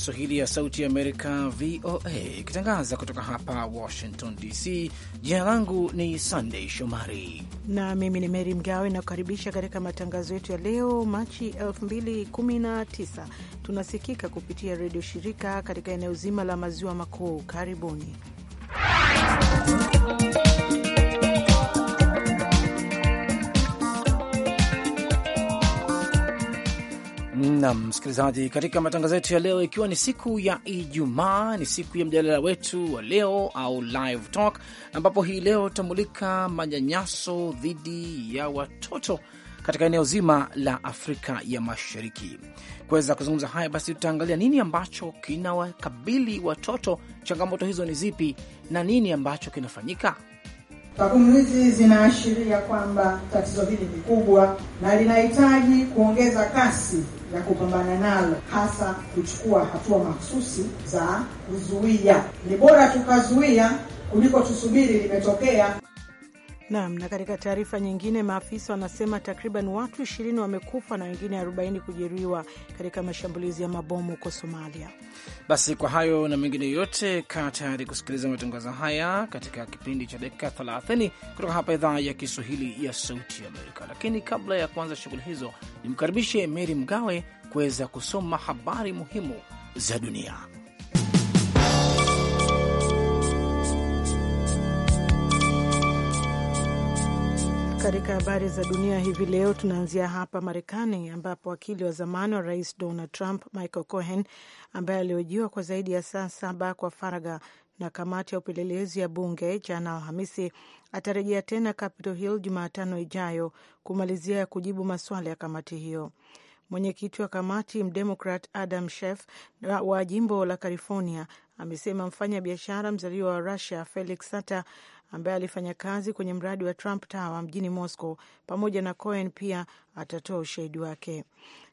Kiswahili ya Sauti ya Amerika, VOA, ikitangaza kutoka hapa Washington DC. Jina langu ni sandey Shomari na mimi ni Meri Mgawe, nakukaribisha katika matangazo yetu ya leo Machi 2019. Tunasikika kupitia redio shirika katika eneo zima la maziwa makuu. Karibuni Nam msikilizaji, katika matangazo yetu ya leo, ikiwa ni siku ya Ijumaa, ni siku ya mjadala wetu wa leo au live talk, ambapo hii leo tutamulika manyanyaso dhidi ya watoto katika eneo zima la Afrika ya Mashariki. Kuweza kuzungumza haya, basi tutaangalia nini ambacho kinawakabili watoto, changamoto hizo ni zipi, na nini ambacho kinafanyika. Takwimu hizi zinaashiria kwamba tatizo hili ni kubwa na linahitaji kuongeza kasi ya kupambana nalo, hasa kuchukua hatua mahususi za kuzuia. Ni bora tukazuia kuliko tusubiri limetokea. Naam. Na katika taarifa nyingine, maafisa wanasema takriban watu ishirini wamekufa na wengine 40 kujeruhiwa katika mashambulizi ya mabomu huko Somalia. Basi kwa hayo na mengine yote, kaa tayari kusikiliza matangazo haya katika kipindi cha dakika 30 kutoka hapa idhaa ya Kiswahili ya Sauti ya Amerika. Lakini kabla ya kuanza shughuli hizo, nimkaribishe Meri Mgawe kuweza kusoma habari muhimu za dunia. Katika habari za dunia hivi leo, tunaanzia hapa Marekani, ambapo wakili wa zamani wa rais Donald Trump Michael Cohen, ambaye alihojiwa kwa zaidi ya saa saba kwa faragha na kamati ya upelelezi ya bunge jana Alhamisi, atarejea tena Capitol Hill Jumatano ijayo kumalizia ya kujibu maswala ya kamati hiyo. Mwenyekiti wa kamati Mdemokrat Adam Schiff wa jimbo la California amesema mfanya biashara mzaliwa wa Rusia Felix Sater ambaye alifanya kazi kwenye mradi wa Trump Tower mjini Moscow pamoja na Cohen pia atatoa ushahidi wake.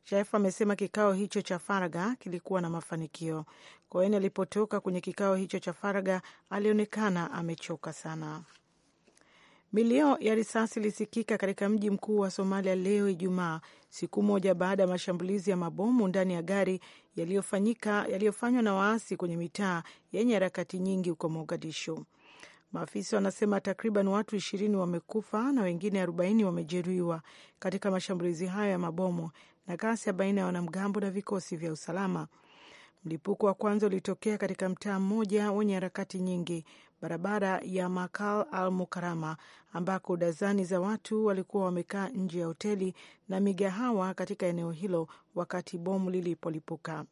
Shaef amesema kikao hicho cha faraga kilikuwa na mafanikio. Cohen alipotoka kwenye kikao hicho cha faraga alionekana amechoka sana. Milio ya risasi ilisikika katika mji mkuu wa Somalia leo Ijumaa, siku moja baada ya mashambulizi ya mabomu ndani ya gari yaliyofanywa na waasi kwenye mitaa yenye harakati nyingi huko Mogadishu. Maafisa wanasema takriban watu ishirini wamekufa na wengine arobaini wamejeruhiwa katika mashambulizi hayo ya mabomu na ghasia baina ya wanamgambo na vikosi vya usalama. Mlipuko wa kwanza ulitokea katika mtaa mmoja wenye harakati nyingi, barabara ya Makal al Mukarama, ambako dazani za watu walikuwa wamekaa nje ya hoteli na migahawa katika eneo hilo wakati bomu lilipolipuka.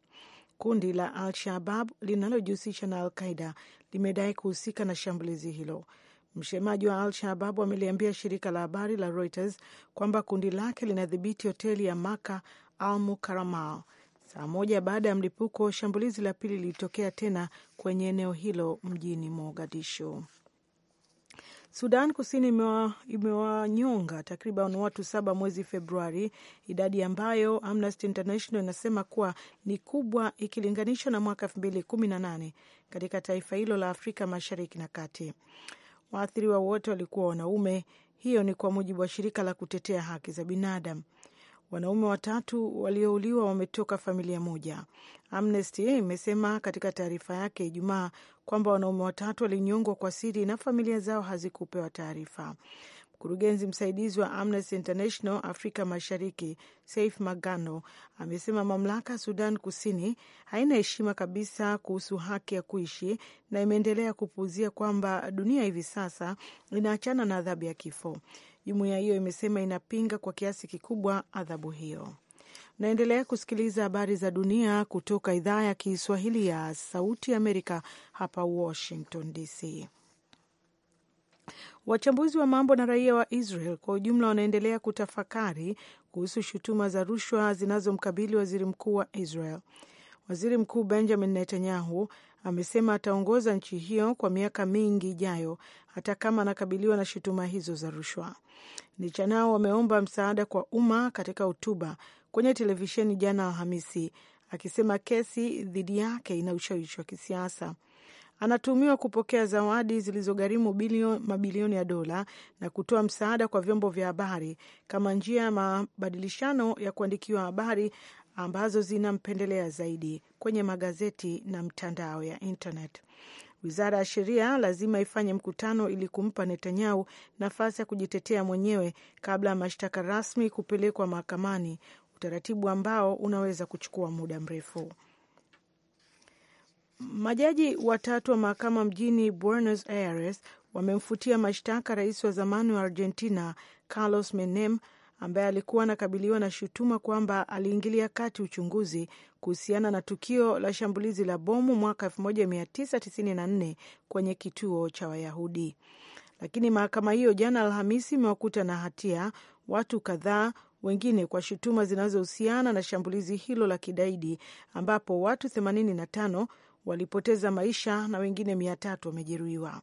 Kundi la Al-Shabab linalojihusisha na Al-Qaida limedai kuhusika na shambulizi hilo. Msemaji wa Al-Shabab ameliambia shirika la habari la Reuters kwamba kundi lake linadhibiti hoteli ya Maka Al Mukaramal. Saa moja baada ya mlipuko, shambulizi la pili lilitokea tena kwenye eneo hilo mjini Mogadishu. Sudan Kusini imewanyonga takriban watu saba mwezi Februari, idadi ambayo Amnesty International inasema kuwa ni kubwa ikilinganishwa na mwaka elfu mbili kumi na nane katika taifa hilo la Afrika Mashariki na Kati. Waathiriwa wote walikuwa wanaume. Hiyo ni kwa mujibu wa shirika la kutetea haki za binadamu. Wanaume watatu waliouliwa wametoka familia moja. Amnesty imesema katika taarifa yake Ijumaa kwamba wanaume watatu walinyongwa kwa siri na familia zao hazikupewa taarifa. Mkurugenzi msaidizi wa Amnesty International Afrika Mashariki, Saif Magano, amesema mamlaka ya Sudan Kusini haina heshima kabisa kuhusu haki ya kuishi na imeendelea kupuuzia kwamba dunia hivi sasa inaachana na adhabu ya kifo. Jumuiya hiyo imesema inapinga kwa kiasi kikubwa adhabu hiyo. Naendelea kusikiliza habari za dunia kutoka idhaa ya Kiswahili ya Sauti Amerika, hapa Washington DC. Wachambuzi wa mambo na raia wa Israel kwa ujumla wanaendelea kutafakari kuhusu shutuma za rushwa zinazomkabili waziri mkuu wa Israel. Waziri Mkuu Benjamin Netanyahu amesema ataongoza nchi hiyo kwa miaka mingi ijayo, hata kama anakabiliwa na shutuma hizo za rushwa. Licha wameomba msaada kwa umma katika hotuba kwenye televisheni jana Alhamisi, akisema kesi dhidi yake ina ushawishi wa kisiasa. Anatuhumiwa kupokea zawadi zilizogharimu mabilioni ya dola na kutoa msaada kwa vyombo vya habari kama njia ya mabadilishano ya kuandikiwa habari ambazo zinampendelea zaidi kwenye magazeti na mtandao ya internet. Wizara ya sheria lazima ifanye mkutano ili kumpa Netanyahu nafasi ya kujitetea mwenyewe kabla ya mashtaka rasmi kupelekwa mahakamani, utaratibu ambao unaweza kuchukua muda mrefu. Majaji watatu wa mahakama mjini Buenos Aires wamemfutia mashtaka rais wa zamani wa Argentina Carlos Menem ambaye alikuwa anakabiliwa na shutuma kwamba aliingilia kati uchunguzi kuhusiana na tukio la shambulizi la bomu mwaka 1994 kwenye kituo cha Wayahudi. Lakini mahakama hiyo jana Alhamisi imewakuta na hatia watu kadhaa wengine kwa shutuma zinazohusiana na shambulizi hilo la kidaidi ambapo watu 85 walipoteza maisha na wengine 300 wamejeruhiwa.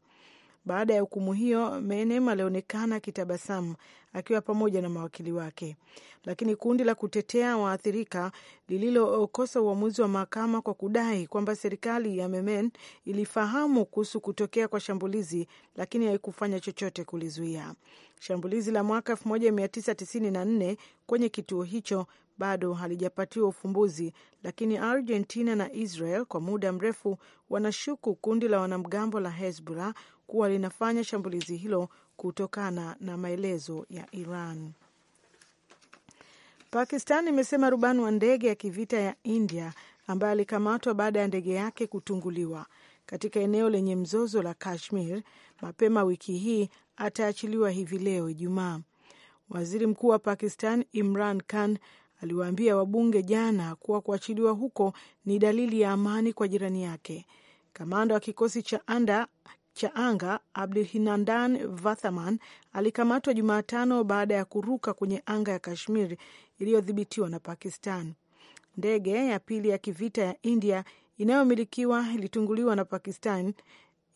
Baada ya hukumu hiyo, Menem alionekana akitabasamu akiwa pamoja na mawakili wake, lakini kundi la kutetea waathirika lililokosa uamuzi wa mahakama kwa kudai kwamba serikali ya Yemen ilifahamu kuhusu kutokea kwa shambulizi lakini haikufanya chochote kulizuia. Shambulizi la mwaka 1994 kwenye kituo hicho bado halijapatiwa ufumbuzi, lakini Argentina na Israel kwa muda mrefu wanashuku kundi la wanamgambo la Hezbollah kuwa linafanya shambulizi hilo kutokana na maelezo ya Iran. Pakistan imesema rubani wa ndege ya kivita ya India ambaye alikamatwa baada ya ndege yake kutunguliwa katika eneo lenye mzozo la Kashmir mapema wiki hii ataachiliwa hivi leo Ijumaa. Waziri Mkuu wa Pakistan Imran Khan aliwaambia wabunge jana kuwa kuachiliwa huko ni dalili ya amani kwa jirani yake. Kamanda wa kikosi cha anda cha anga Abdulhinandan Vathaman alikamatwa Jumatano baada ya kuruka kwenye anga ya Kashmir iliyodhibitiwa na Pakistan. Ndege ya pili ya kivita ya India inayomilikiwa ilitunguliwa na Pakistan,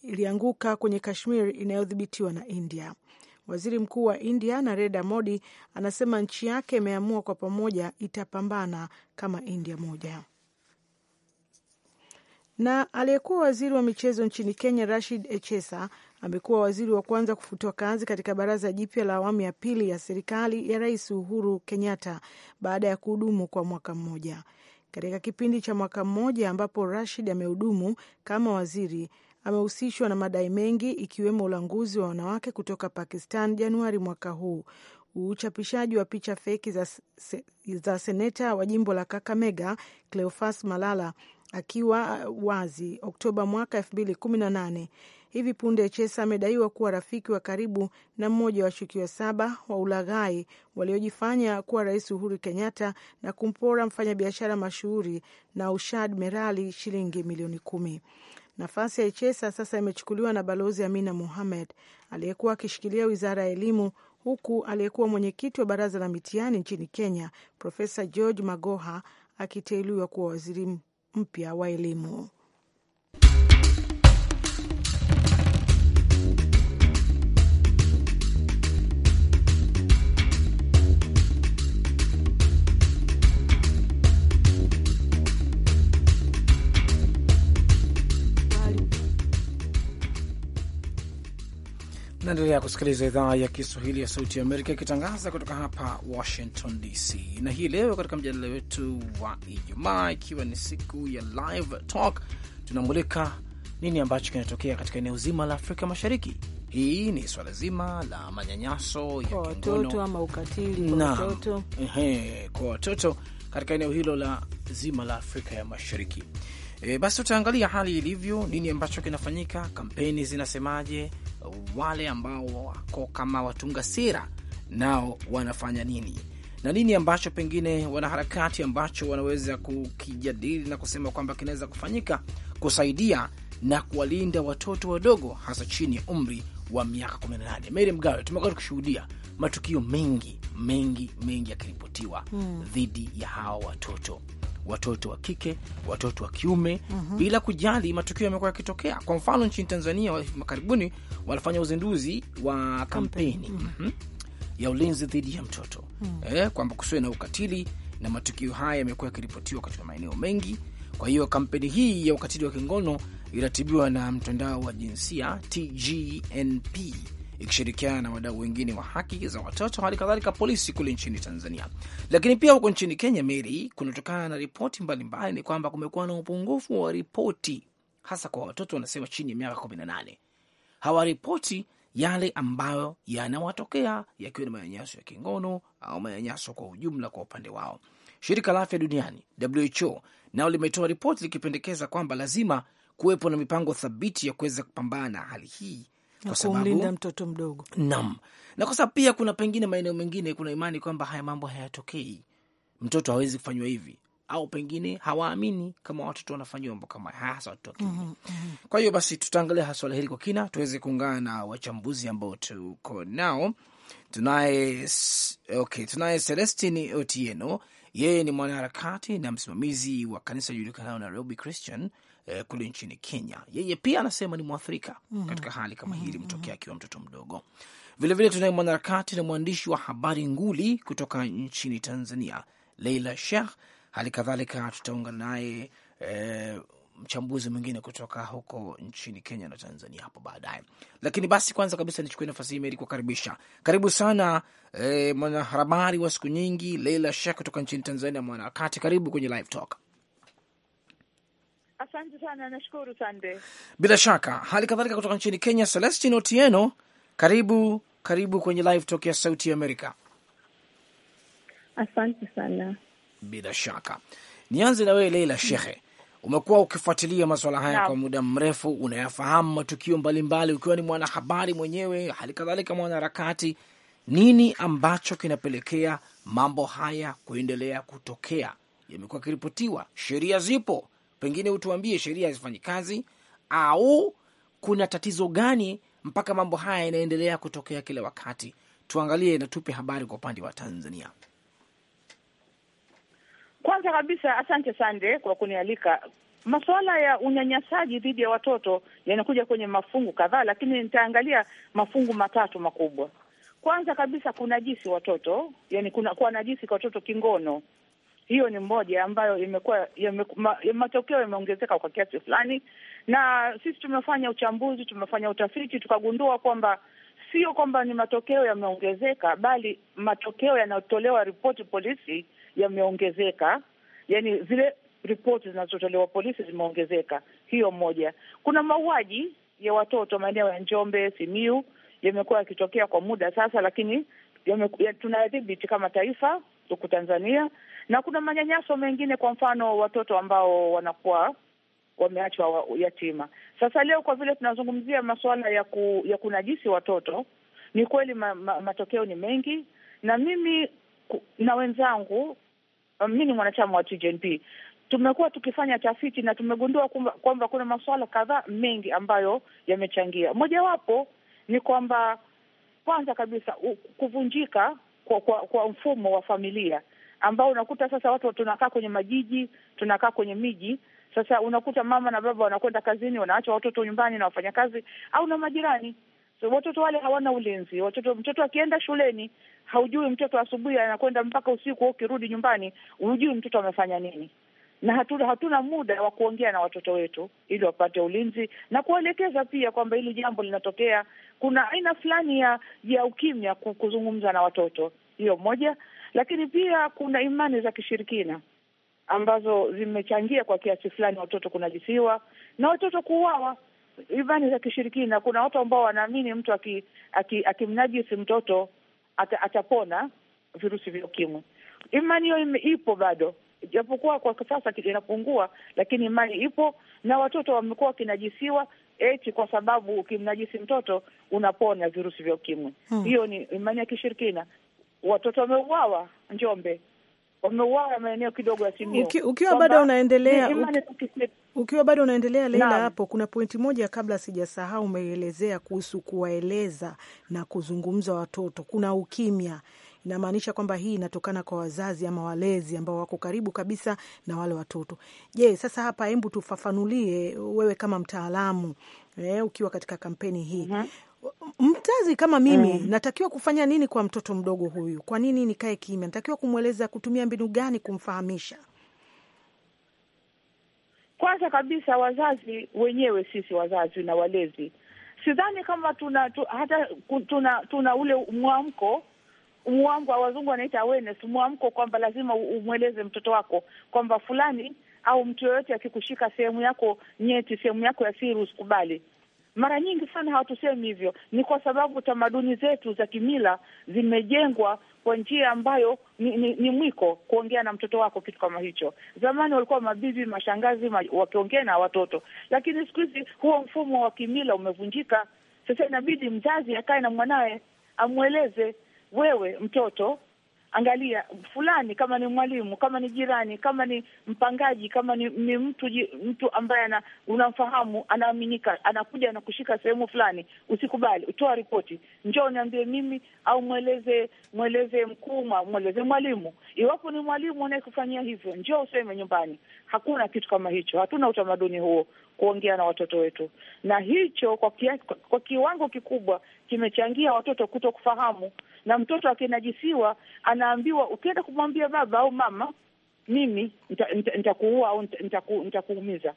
ilianguka kwenye Kashmir inayodhibitiwa na India. Waziri Mkuu wa India Narendra Modi anasema nchi yake imeamua kwa pamoja itapambana kama India moja. Na aliyekuwa waziri wa michezo nchini Kenya, Rashid Echesa, amekuwa waziri wa kwanza kufutwa kazi katika baraza jipya la awamu ya pili ya serikali ya Rais Uhuru Kenyatta baada ya kuhudumu kwa mwaka mmoja. Katika kipindi cha mwaka mmoja ambapo Rashid amehudumu kama waziri, amehusishwa na madai mengi ikiwemo ulanguzi wa wanawake kutoka Pakistan Januari mwaka huu, uchapishaji wa picha feki za, se, za seneta wa jimbo la Kakamega Cleofas Malala akiwa wazi Oktoba mwaka elfu mbili kumi na nane. Hivi punde Chesa amedaiwa kuwa rafiki wa karibu na mmoja wa washukiwa saba wa ulaghai waliojifanya kuwa Rais Uhuru Kenyatta na kumpora mfanyabiashara mashuhuri na Ushad Merali shilingi milioni kumi. Nafasi ya Chesa sasa imechukuliwa na Balozi Amina Mohamed aliyekuwa akishikilia wizara ya elimu, huku aliyekuwa mwenyekiti wa baraza la mitihani nchini Kenya Profesa George Magoha akiteuliwa kuwa waziri mpya wa elimu. Naendelea kusikiliza idhaa ya Kiswahili ya Sauti ya Amerika ikitangaza kutoka hapa Washington DC, na hii leo katika mjadala wetu wa Ijumaa, ikiwa ni siku ya Live Talk, tunamulika nini ambacho kinatokea katika eneo zima la Afrika Mashariki. Hii ni swala zima la manyanyaso ya watoto ama ukatili kwa watoto, kwa watoto katika eneo hilo la zima la Afrika ya Mashariki. E, basi tutaangalia hali ilivyo, nini ambacho kinafanyika, kampeni zinasemaje wale ambao wako kama watunga sera nao wanafanya nini na nini ambacho pengine wanaharakati ambacho wanaweza kukijadili na kusema kwamba kinaweza kufanyika kusaidia na kuwalinda watoto wadogo hasa chini ya umri wa miaka 18. Mary Mgawe, tumekuwa tukishuhudia matukio mengi mengi mengi yakiripotiwa hmm, dhidi ya hawa watoto watoto wa kike, watoto wa kiume mm -hmm. bila kujali matukio yamekuwa yakitokea. Kwa mfano nchini Tanzania makaribuni walifanya uzinduzi wa kampeni mm -hmm. ya ulinzi dhidi ya mtoto mm -hmm. eh, kwamba kusiwe na ukatili, na matukio haya yamekuwa yakiripotiwa katika maeneo mengi. Kwa hiyo kampeni hii ya ukatili wa kingono iratibiwa na mtandao wa jinsia TGNP ikishirikiana na wadau wengine wa haki za watoto, hali kadhalika polisi kule nchini Tanzania. Lakini pia huko nchini Kenya, Meri, kunatokana na ripoti mbalimbali ni kwamba kumekuwa na upungufu wa ripoti, hasa kwa watoto wanasema chini ya miaka kumi na nane hawaripoti yale ambayo yanawatokea yakiwa ni manyanyaso ya kingono au manyanyaso kwa ujumla. Kwa upande wao, shirika la afya duniani WHO nao limetoa ripoti likipendekeza kwamba lazima kuwepo na mipango thabiti ya kuweza kupambana na hali hii kwa kumlinda mtoto mdogo nam, na kwa sababu pia kuna pengine maeneo mengine kuna imani kwamba haya mambo hayatokei, mtoto hawezi kufanywa hivi, au pengine hawaamini kama watoto wanafanyiwa mambo kama haya, hasa watoto mm -hmm. Kwa hiyo basi, tutaangalia swala hili kwa kina, tuweze kuungana na wachambuzi ambao tuko nao. Tunaye okay, tunaye Celestini Otieno, yeye ni mwanaharakati na msimamizi wa kanisa julikanao Nairobi Christian eh, kule nchini Kenya. Yeye pia anasema ni mwathirika mm -hmm. katika hali kama hii mhm, ilimtokea mhm. akiwa mtoto mdogo. Vilevile tunaye mwanaharakati na mwandishi wa habari nguli kutoka nchini Tanzania, Leila Sheikh. Hali kadhalika tutaungana naye eh, mchambuzi mwingine kutoka huko nchini Kenya na Tanzania hapo baadaye. Lakini basi kwanza kabisa nichukue nafasi hii ili kuwakaribisha. karibu sana eh, mwanahabari wa siku nyingi Leila Sheikh kutoka nchini Tanzania, mwanaharakati. Karibu kwenye Live Talk. Asante sana, nashukuru Sande. Bila shaka hali kadhalika kutoka nchini Kenya, Celestin Otieno, karibu karibu kwenye live talk ya Sauti ya Amerika. Asante sana. Bila shaka nianze na wewe Leila Shehe, umekuwa ukifuatilia masuala haya kwa muda mrefu, unayafahamu matukio mbalimbali, ukiwa ni mwanahabari mwenyewe, hali kadhalika mwanaharakati. Nini ambacho kinapelekea mambo haya kuendelea kutokea? Yamekuwa yakiripotiwa, sheria zipo, pengine utuambie sheria hazifanyi kazi au kuna tatizo gani mpaka mambo haya yanaendelea kutokea kila wakati? Tuangalie na tupe habari kwa upande wa Tanzania. Kwanza kabisa, asante Sande kwa kunialika. Masuala ya unyanyasaji dhidi ya watoto yanakuja kwenye mafungu kadhaa, lakini nitaangalia mafungu matatu makubwa. Kwanza kabisa, kunajisi watoto, yani kuna kuwa najisi kwa watoto kingono hiyo ni moja ambayo imekuwa matokeo yameongezeka kwa kiasi fulani, na sisi tumefanya uchambuzi, tumefanya utafiti, tukagundua kwamba sio kwamba ni matokeo yameongezeka, bali matokeo yanayotolewa ripoti polisi yameongezeka, yani zile ripoti zinazotolewa polisi zimeongezeka. Hiyo moja. Kuna mauaji ya watoto maeneo ya Njombe, Simiu yamekuwa yakitokea kwa muda sasa, lakini tunayadhibiti kama taifa huku Tanzania, na kuna manyanyaso mengine, kwa mfano watoto ambao wanakuwa wameachwa yatima. Sasa leo kwa vile tunazungumzia masuala ya, ku, ya kunajisi watoto, ni kweli ma, ma, matokeo ni mengi, na mimi na wenzangu, mi ni mwanachama wa TGNP, tumekuwa tukifanya tafiti na tumegundua kwamba kuna masuala kadhaa mengi ambayo yamechangia. Mojawapo ni kwamba kwanza kabisa kuvunjika kwa, kwa, kwa mfumo wa familia ambao unakuta sasa watu tunakaa kwenye majiji, tunakaa kwenye miji. Sasa unakuta mama na baba wanakwenda kazini, wanaacha watoto nyumbani na wafanya kazi au na majirani. So, watoto wale hawana ulinzi. Watoto, mtoto akienda shuleni haujui, mtoto asubuhi anakwenda mpaka usiku, au ukirudi nyumbani hujui mtoto amefanya nini, na hatuna, hatuna muda wa kuongea na watoto wetu ili wapate ulinzi na kuwaelekeza pia kwamba hili jambo linatokea kuna aina fulani ya ya ukimya kuzungumza na watoto, hiyo moja. Lakini pia kuna imani za kishirikina ambazo zimechangia kwa kiasi fulani watoto kunajisiwa na watoto kuuawa. Imani za kishirikina, kuna watu ambao wanaamini mtu akimnajisi aki, aki mtoto ata, atapona virusi vya ukimwi. Imani hiyo ipo bado, japokuwa kwa sasa inapungua, lakini imani ipo, na watoto wamekuwa wakinajisiwa eti kwa sababu ukimnajisi mtoto unapona virusi vya ukimwi. Hmm. Hiyo ni imani ya kishirikina. Watoto wameuawa Njombe, wameuawa maeneo kidogo ya Simiyu. Uki, ukiwa bado unaendelea ukiwa bado unaendelea Leila, hapo kuna pointi moja kabla sijasahau, umeielezea kuhusu kuwaeleza na kuzungumza watoto, kuna ukimya namaanisha kwamba hii inatokana kwa wazazi ama walezi ambao wako karibu kabisa na wale watoto. Je, sasa hapa, hebu tufafanulie wewe kama mtaalamu eh, ukiwa katika kampeni hii mm -hmm. Mzazi kama mimi mm. natakiwa kufanya nini kwa mtoto mdogo huyu? Kwa nini nikae kimya? Natakiwa kumweleza, kutumia mbinu gani kumfahamisha? Kwanza kabisa, wazazi wenyewe, sisi wazazi na walezi, sidhani kama tuna tu, hata tuna, tuna ule mwamko mwamko wa wazungu wanaita awareness, mwamko kwamba lazima umweleze mtoto wako kwamba fulani au mtu yoyote akikushika sehemu yako nyeti, sehemu yako ya siri usikubali. Mara nyingi sana hawatusemi hivyo, ni kwa sababu tamaduni zetu za kimila zimejengwa kwa njia ambayo ni, ni, ni mwiko kuongea na mtoto wako kitu kama hicho. Zamani walikuwa mabibi, mashangazi ma, wakiongea na watoto, lakini siku hizi huo mfumo wa kimila umevunjika. Sasa inabidi mzazi akae na mwanawe amweleze wewe mtoto angalia fulani, kama ni mwalimu, kama ni jirani, kama ni mpangaji, kama ni, ni mtu mtu ambaye ana, unamfahamu anaaminika, anakuja na kushika sehemu fulani, usikubali, utoa ripoti, njoo niambie mimi, au mweleze mweleze mkuu, mweleze mwalimu. Iwapo ni mwalimu anayekufanyia hivyo, njoo useme nyumbani. Hakuna kitu kama hicho, hatuna utamaduni huo kuongea na watoto wetu, na hicho kwa, kia, kwa kiwango kikubwa kimechangia watoto kuto kufahamu na mtoto akinajisiwa, anaambiwa ukienda kumwambia baba au mama, mimi nitakuua au nitakuumiza.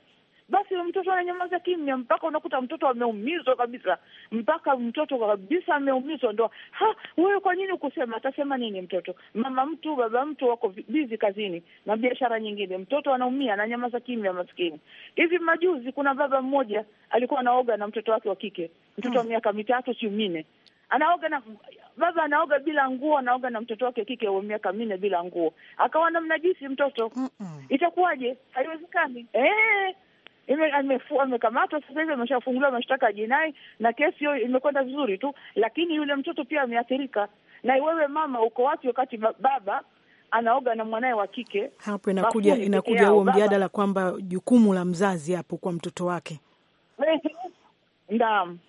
Basi mtoto ananyamaza kimya, mpaka unakuta mtoto ameumizwa kabisa, mpaka mtoto kabisa ameumizwa, ndo ha, wewe kwa nini ukusema? Atasema nini mtoto? Mama mtu baba mtu wako bizi kazini na biashara nyingine, mtoto anaumia, ananyamaza kimya, maskini. Hivi majuzi kuna baba mmoja alikuwa anaoga na mtoto wake wa kike, mtoto wa mm. miaka mitatu siu mine, anaoga na baba anaoga bila nguo, anaoga na mtoto wake kike wa miaka minne bila nguo, akawa namnajisi mtoto mm -mm. Itakuwaje? Haiwezekani eh! Amekamatwa sasa hivi, ameshafunguliwa mashtaka ya jinai na kesi hiyo imekwenda vizuri tu, lakini yule mtoto pia ameathirika. Na wewe mama, uko wapi wakati baba anaoga na mwanaye wa kike? Hapo inakuja inakuja huo mjadala kwamba jukumu la mzazi hapo kwa mtoto wake. Naam.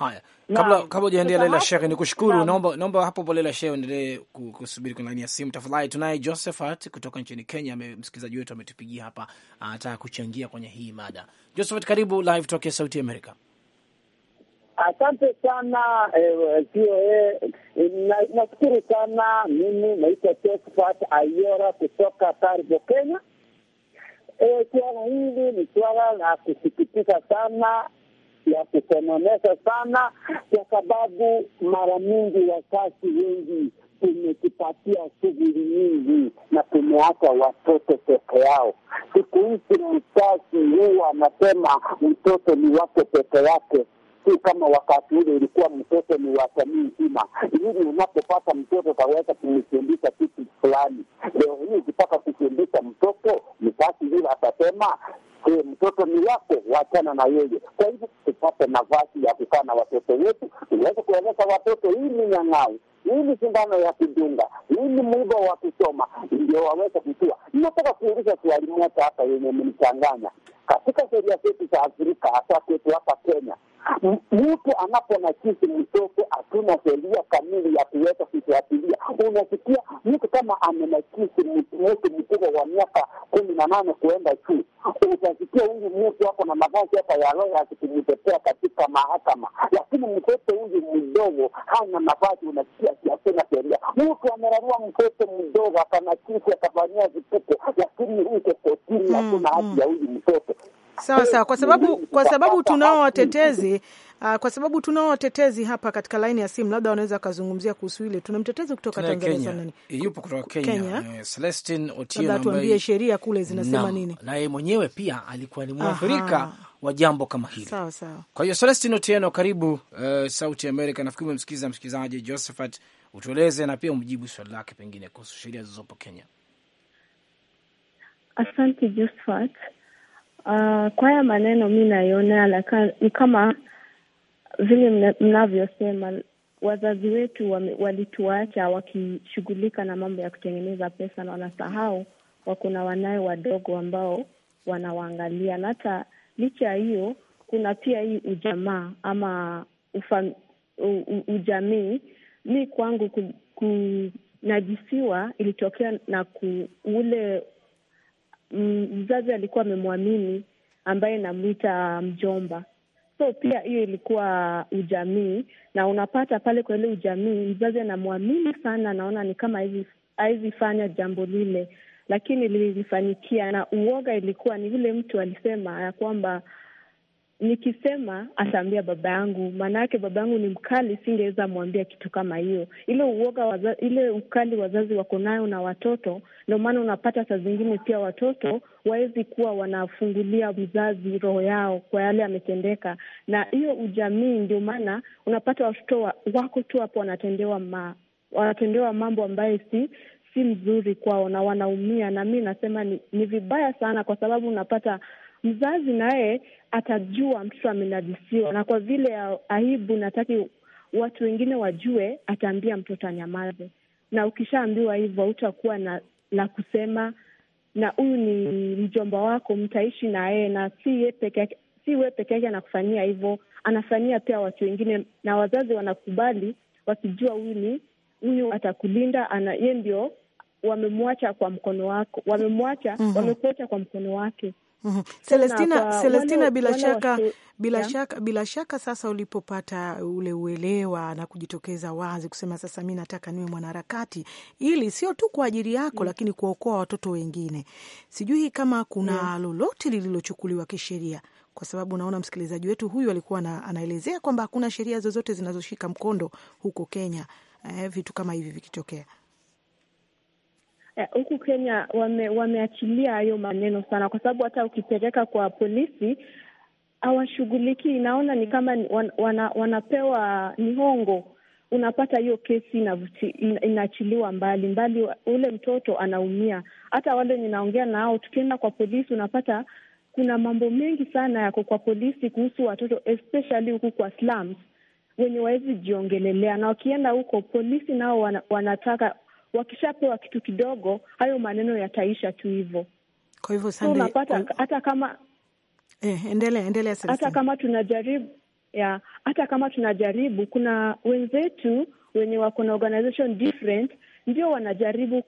Haya, kabla kabla hujaendelea Laila Shehe, ni kushukuru. Naomba naomba hapo hapo Laila Shehe endelee kusubiri kwenye laini ya simu tafadhali. Tunaye Josephat kutoka nchini Kenya, msikilizaji wetu ametupigia hapa, anataka kuchangia kwenye hii mada. Josephat, karibu live talk ya Sauti Asante sana eh, nashukuru sana. Mimi naitwa Josephat Ayora kutoka Taribo, Kenya. Eh, suala hili ni suala la kusikitisha sana ya kusononesha sana, kwa sababu mara nyingi wakazi wengi tumekipatia shughuli nyingi na tumeacha watoto peke yao. Siku hizi mzazi huwa anasema mtoto ni wake peke yake, si kama wakati ule ilikuwa mtoto ni wa jamii nzima. Hivi unapopata mtoto utaweza kumfundisha kitu fulani. Leo hii ukitaka kufundisha mtoto, mzazi vile atasema Ee, mtoto ni wako, wachana na yeye. Kwa hivyo tupate nafasi ya kukaa na watoto wetu, tuweze kuonyesha watoto hii ni nyang'au, hii ni sindano ya kudunga, hii ni mwiba wa kusoma, ndio waweze kujua. Nataka kuuliza swali moja hapa yenye mnichanganya. Katika sheria zetu za Afrika, hasa kwetu hapa Kenya, mtu anaponakisi mtoto, hatuna sheria kamili ya kuweza kufuatilia. Unasikia mtu kama amenakisi mtu mkubwa wa miaka kumi na nane kuenda juu utasikia huyu mtu hapo na mavazi hapa ya roho akikujitetea katika mahakama, lakini mtoto huyu mdogo hana mavazi, unasikia akiasema sheria. Mtu amerarua mtoto mdogo akanakisi akafanyia vituko, lakini huko kotini hakuna mm, haki ya mm. huyu mtoto. Sawa sawa, kwa sababu kwa sababu tunao watetezi Uh, kwa sababu tunao watetezi hapa katika laini ya simu, labda wanaweza wakazungumzia kuhusu ile. Tuna mtetezi kutoka Tanzania, nani yupo kutoka Kenya, Kenya. Eh, Celestin Otieno, tuambie sheria kule zinasema nini, na yeye mwenyewe pia alikuwa ni mwathirika wa jambo kama hili. Sawa sawa. Kwa hiyo Celestin Otieno, karibu uh, Sauti ya Amerika. Nafikiri umemsikiza msikilizaji Josephat, utueleze na pia umjibu swali lake pengine kuhusu sheria zilizopo Kenya. Asante Josephat. Uh, kwa haya maneno mi naiona ni kama vile mnavyosema wazazi wetu walituacha wakishughulika na mambo ya kutengeneza pesa na wanasahau wako na wanawe wadogo ambao wanawaangalia. Na hata licha ya hiyo, kuna pia hii ujamaa ama ufam, u, u, ujamii. Mi kwangu ku, kunajisiwa ilitokea na ku, ule mm, mzazi alikuwa amemwamini ambaye namwita mjomba So pia hiyo ilikuwa ujamii, na unapata pale kwa ile ujamii mzazi anamwamini sana, anaona ni kama hawezi fanya jambo lile, lakini lilifanyikia. Na uoga ilikuwa ni yule mtu alisema ya kwamba nikisema ataambia baba yangu, maana yake baba yangu ni mkali, singeweza mwambia kitu kama hiyo. Ile uoga waza, ile ukali wazazi wako nayo na watoto, ndio maana unapata saa zingine pia watoto wawezi kuwa wanafungulia mzazi roho yao kwa yale ametendeka, na hiyo ujamii, ndio maana unapata watoto wa, wako tu hapo wanatendewa ma, wanatendewa mambo ambayo si si mzuri kwao na wanaumia, na mi nasema ni, ni vibaya sana, kwa sababu unapata mzazi naye atajua mtoto amenajisiwa, na kwa vile aibu nataki watu wengine wajue, ataambia mtoto anyamaze. Na ukishaambiwa hivyo, hautakuwa na la kusema, na huyu ni mjomba wako, mtaishi nayee na si ye peke yake, si we peke yake anakufanyia hivyo, anafanyia pia watu wengine, na wazazi wanakubali wakijua huyu ni huyu, atakulinda ana ye ndio wamemwacha kwa mkono wako, wamemwacha uh mhm. -huh. wamekuacha kwa mkono wake Mm -hmm. Celestina, Celestina wale, bila wale shaka wase, bila yeah, shaka bila shaka sasa ulipopata ule uelewa na kujitokeza wazi kusema sasa mi nataka niwe mwanaharakati ili sio tu kwa ajili yako mm, lakini kuokoa watoto wengine, sijui kama kuna mm, lolote lililochukuliwa kisheria, kwa sababu naona msikilizaji wetu huyu alikuwa na, anaelezea kwamba hakuna sheria zozote zinazoshika mkondo huko Kenya, eh, vitu kama hivi vikitokea. Eh, huku eh, Kenya wame, wameachilia hayo maneno sana, kwa sababu hata ukipeleka kwa polisi hawashughuliki. Inaona ni kama wana, wanapewa mihongo Unapata hiyo kesi inaachiliwa mbali mbali, ule mtoto anaumia. Hata wale ninaongea nao, tukienda kwa polisi unapata kuna mambo mengi sana yako kwa polisi kuhusu watoto especially huku kwa slums, wenye wawezi jiongelelea, na wakienda huko polisi nao wanataka wakishapewa kitu kidogo, hayo maneno yataisha tu hivyo. Kwa hivyo unapata hata kama eh, endelea, endelea, hata kama tunajaribu ya, hata kama tunajaribu, kuna wenzetu wenye wako na organization different ndio wanajaribu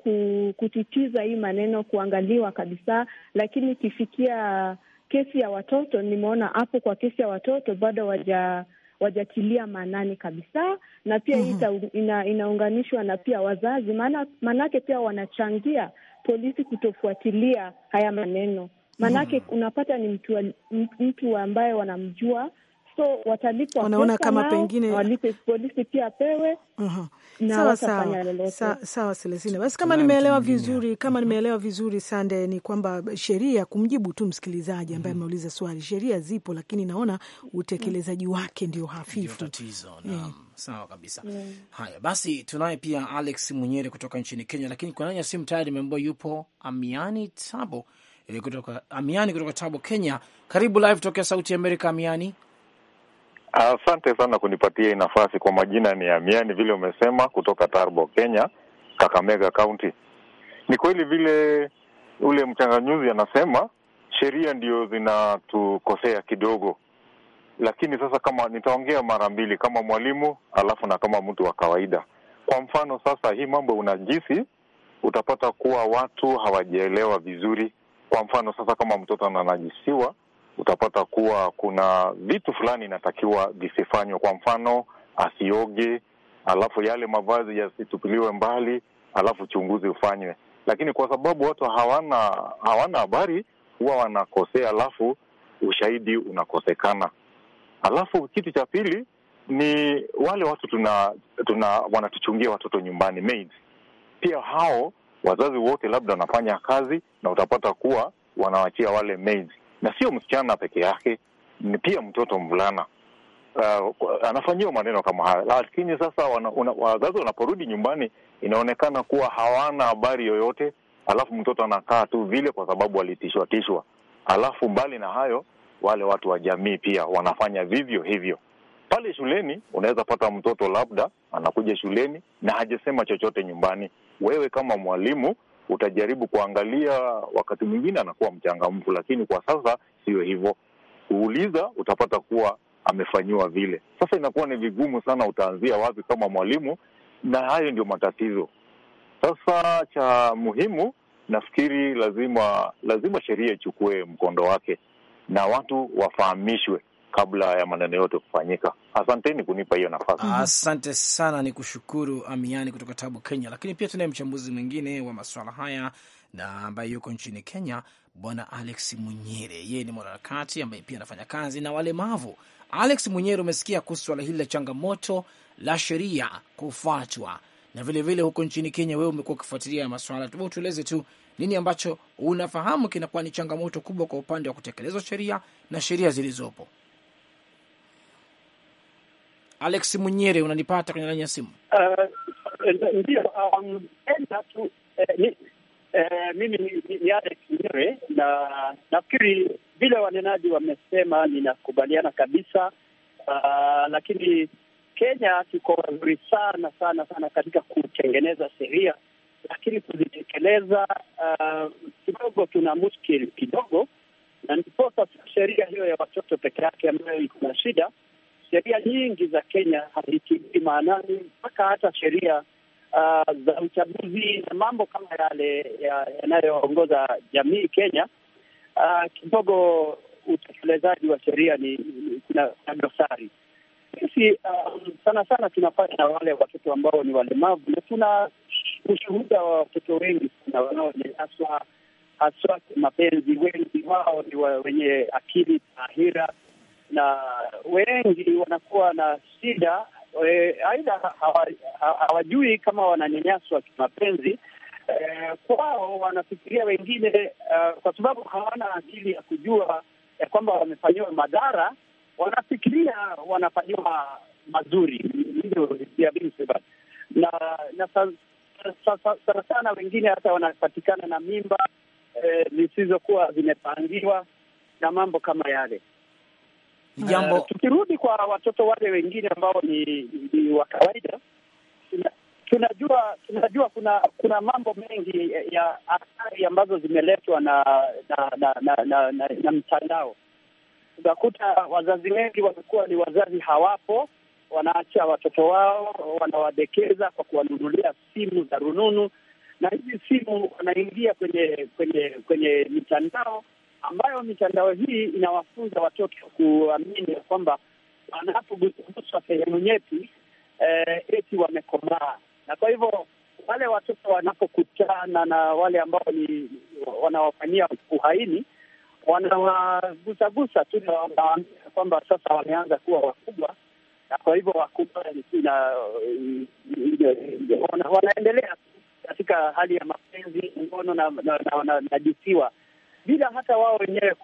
kutitiza hii maneno kuangaliwa kabisa, lakini ikifikia kesi ya watoto, nimeona hapo kwa kesi ya watoto bado waja wajatilia maanani kabisa, na pia hii mm-hmm. ina, inaunganishwa na pia wazazi, maana maanake pia wanachangia polisi kutofuatilia haya maneno maanake, mm-hmm. unapata ni mtu, mtu ambaye wanamjua so watalipwa, wanaona kama nao, pengine walipe polisi pia apewe uh-huh. Sawa sawa sawa, Selestina. Basi kama nimeelewa vizuri, kama nimeelewa vizuri Sande, ni kwamba sheria, kumjibu tu msikilizaji ambaye mm-hmm. ameuliza swali, sheria zipo, lakini naona utekelezaji wake ndio hafifu, tatizo. Eh. Naam, sawa kabisa. Mm. Haya basi, tunaye pia Alex Munyere kutoka nchini Kenya, lakini kwa nani ya simu tayari nimeambiwa yupo Amiani Tabo eh, kutoka Amiani kutoka Tabo, Kenya. Karibu live tokea Sauti ya Amerika, Amiani. Asante sana kunipatia hii nafasi. Kwa majina ni Amiani vile umesema, kutoka Tarbo, Kenya, Kakamega kaunti Ni kweli vile ule mchanganyuzi anasema sheria ndio zinatukosea kidogo, lakini sasa, kama nitaongea mara mbili kama mwalimu alafu na kama mtu wa kawaida. Kwa mfano sasa, hii mambo unajisi, utapata kuwa watu hawajaelewa vizuri. Kwa mfano sasa, kama mtoto ananajisiwa utapata kuwa kuna vitu fulani inatakiwa visifanywe. Kwa mfano, asioge, alafu yale mavazi yasitupiliwe mbali, alafu uchunguzi ufanywe. Lakini kwa sababu watu hawana hawana habari, huwa wanakosea, alafu ushahidi unakosekana. Alafu kitu cha pili ni wale watu tuna, tuna wanatuchungia watoto nyumbani maids. Pia hao wazazi wote labda wanafanya kazi na utapata kuwa wanawachia wale maids na sio msichana peke yake, ni pia mtoto mvulana uh, anafanyiwa maneno kama haya. Lakini sasa wazazi wanaporudi nyumbani, inaonekana kuwa hawana habari yoyote, alafu mtoto anakaa tu vile kwa sababu alitishwa tishwa. Alafu mbali na hayo, wale watu wa jamii pia wanafanya vivyo hivyo. Pale shuleni unaweza pata mtoto labda anakuja shuleni na hajasema chochote nyumbani. Wewe kama mwalimu utajaribu kuangalia, wakati mwingine anakuwa mchangamfu, lakini kwa sasa siyo hivyo. Kuuliza utapata kuwa amefanyiwa vile. Sasa inakuwa ni vigumu sana, utaanzia wapi kama mwalimu? Na hayo ndio matatizo sasa. Cha muhimu nafikiri lazima lazima sheria ichukue mkondo wake na watu wafahamishwe kabla ya maneno yote kufanyika. Asanteni kunipa hiyo nafasi. Ah, asante sana, ni kushukuru Amiani kutoka Tabu, Kenya. Lakini pia tunaye mchambuzi mwingine wa masuala haya na ambaye yuko nchini Kenya, Bwana Alex Munyere. Yeye ni mwanaharakati ambaye pia anafanya kazi na walemavu. Alex Munyere, umesikia kuhusu swala hili la changamoto la sheria kufuatwa na vilevile vile huko nchini Kenya, wewe umekuwa ukifuatilia maswala, tuba tueleze tu nini ambacho unafahamu kinakuwa ni changamoto kubwa kwa upande wa kutekelezwa sheria na sheria zilizopo. Alex Munyere, unanipata kwenye laini ya simu? Uh, ndio, um, enda tu eh, eh, mimi ni Alex Munyere, na nafikiri vile wanenaji wamesema, ninakubaliana kabisa. Uh, lakini Kenya tuko wazuri sana sana sana katika kutengeneza sheria, lakini kuzitekeleza uh, kidogo uh, tuna mushkili kidogo, na ndiposa sheria hiyo ya watoto peke yake ambayo iko na shida sheria nyingi za Kenya hazitilii maanani mpaka hata sheria uh, za uchaguzi na mambo kama yale yanayoongoza ya jamii Kenya. Uh, kidogo utekelezaji wa sheria ni kuna dosari. Sisi um, sana sana tunafanya na wale watoto ambao ni walemavu, na tuna ushuhuda wa watoto wengi na wanaonyanyaswa haswa mapenzi, Wengi wao ni wa wenye akili tahira na wengi wanakuwa na shida e, aidha hawajui hawa kama wananyanyaswa kimapenzi e, kwao wanafikiria wengine uh, kwa sababu hawana akili ya kujua ya kwamba wamefanyiwa madhara, wanafikiria wanafanyiwa mazuri, na na sana sana, sana wengine hata wanapatikana na mimba e, zisizokuwa e, zimepangiwa na mambo kama yale jambo. Uh, tukirudi kwa watoto wale wengine ambao ni, ni wa kawaida tunajua tunajua kuna kuna mambo mengi ya athari ambazo zimeletwa na na na, na, na, na, na mtandao. Unakuta wazazi wengi wamekuwa ni wazazi hawapo, wanaacha watoto wao, wanawadekeza kwa kuwanunulia simu za rununu, na hizi simu wanaingia kwenye kwenye kwenye mitandao ambayo mitandao hii inawafunza watoto kuamini kwamba wanapoguswa sehemu nyeti eh, eti wamekomaa. Na kwa hivyo wale watoto wanapokutana na wale ambao ni wanawafanyia uhaini wanawagusagusa tu na wanawaambia kwamba sasa wameanza kuwa wakubwa, na kwa hivyo wakubwa wanaendelea katika hali ya mapenzi, ngono na najisiwa bila hata wao wenyewe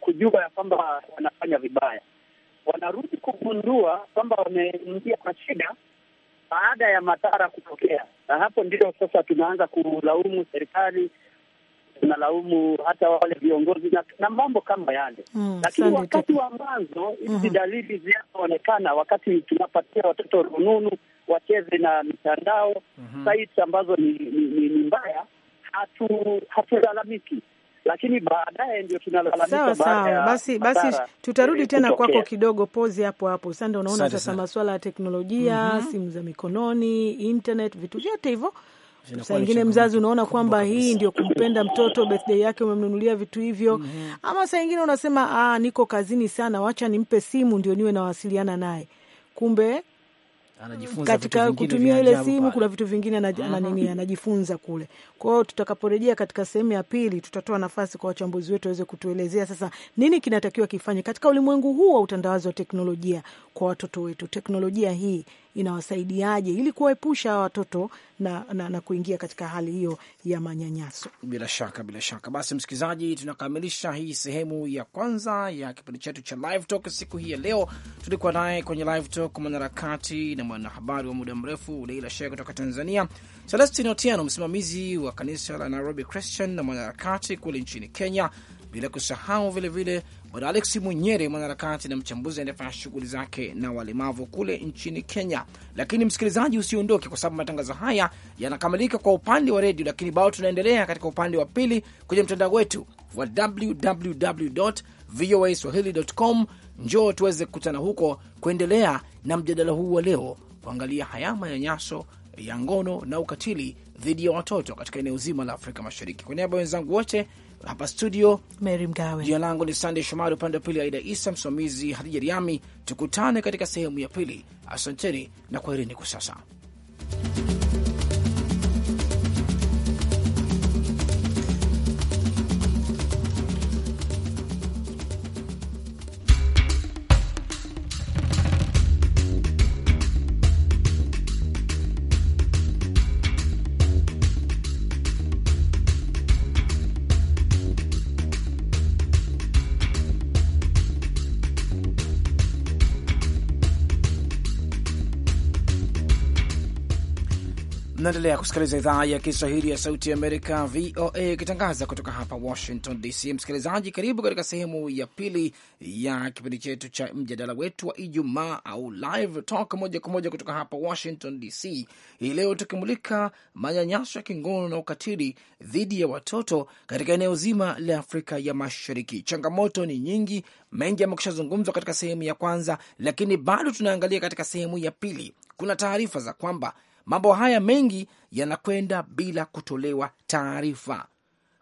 kujua ya kwamba wanafanya vibaya. Wanarudi kugundua kwamba wameingia kwa shida baada ya madhara kutokea, na hapo ndio sasa tunaanza kulaumu serikali, tunalaumu hata wale viongozi na, na mambo kama yale mm, lakini wakati wa mwanzo hizi mm -hmm. dalili zinazoonekana wakati tunapatia watoto rununu wacheze na mitandao mm -hmm. sites ambazo ni, ni, ni, ni mbaya, hatulalamiki hatu lakini baadaye ndio tunalalamika. Sawa sawa, basi basi, tutarudi tena kwako kidogo, pozi hapo hapo. Sasa ndio unaona sasa masuala ya teknolojia mm -hmm. simu za mikononi, internet, vitu vyote hivyo saa ingine mzazi unaona kwamba hii ndio kumpenda mtoto, birthday yake umemnunulia vitu hivyo mm -hmm. Ama saa ingine unasema ah, niko kazini sana, wacha nimpe simu ndio niwe nawasiliana naye, kumbe katika kutumia ile simu, kuna vitu vingine mhm. ananini anajifunza kule. Kwa hiyo tutakaporejea katika sehemu ya pili, tutatoa nafasi kwa wachambuzi wetu waweze kutuelezea sasa nini kinatakiwa kifanye katika ulimwengu huu wa utandawazi wa teknolojia kwa watoto wetu. Teknolojia hii inawasaidiaje ili kuwaepusha watoto na, na, na kuingia katika hali hiyo ya manyanyaso. Bila shaka, bila shaka. Basi msikilizaji, tunakamilisha hii sehemu ya kwanza ya kipindi chetu cha Live Talk siku hii ya leo. Tulikuwa naye kwenye Live Talk mwanaharakati na mwanahabari wa muda mrefu Leila Sheikh kutoka Tanzania, Celestin Otieno, msimamizi wa kanisa la Nairobi Christian na mwanaharakati kule nchini Kenya, bila kusahau vilevile vile, Bwana Alex Munyere, mwanaharakati na mchambuzi anayefanya shughuli zake na walemavu kule nchini Kenya. Lakini msikilizaji, usiondoke kwa sababu matangazo haya yanakamilika kwa upande wa redio, lakini bado tunaendelea katika upande wa pili kwenye mtandao wetu wa www voa swahili.com. Njoo tuweze kukutana huko kuendelea na mjadala huu wa leo, kuangalia haya manyanyaso ya ngono na ukatili dhidi ya watoto katika eneo zima la Afrika Mashariki. Kwa niaba ya wenzangu wote hapa studio Mary Mgawe. Jina langu ni Sandey Shomari, upande wa pili Aida Isa, msimamizi Hadija Riami. Tukutane katika sehemu ya pili. Asanteni na kwaherini kwa sasa. Unaendelea kusikiliza idhaa ya Kiswahili ya Sauti ya Amerika, VOA, ikitangaza kutoka hapa Washington DC. Msikilizaji, karibu katika sehemu ya pili ya kipindi chetu cha mjadala wetu wa Ijumaa au Live Talk, moja kwa moja kutoka hapa Washington DC, hii leo tukimulika manyanyaso ya kingono na ukatili dhidi ya watoto katika eneo zima la Afrika ya Mashariki. Changamoto ni nyingi, mengi amekusha zungumzwa katika sehemu ya kwanza, lakini bado tunaangalia katika sehemu ya pili. Kuna taarifa za kwamba Mambo haya mengi yanakwenda bila kutolewa taarifa.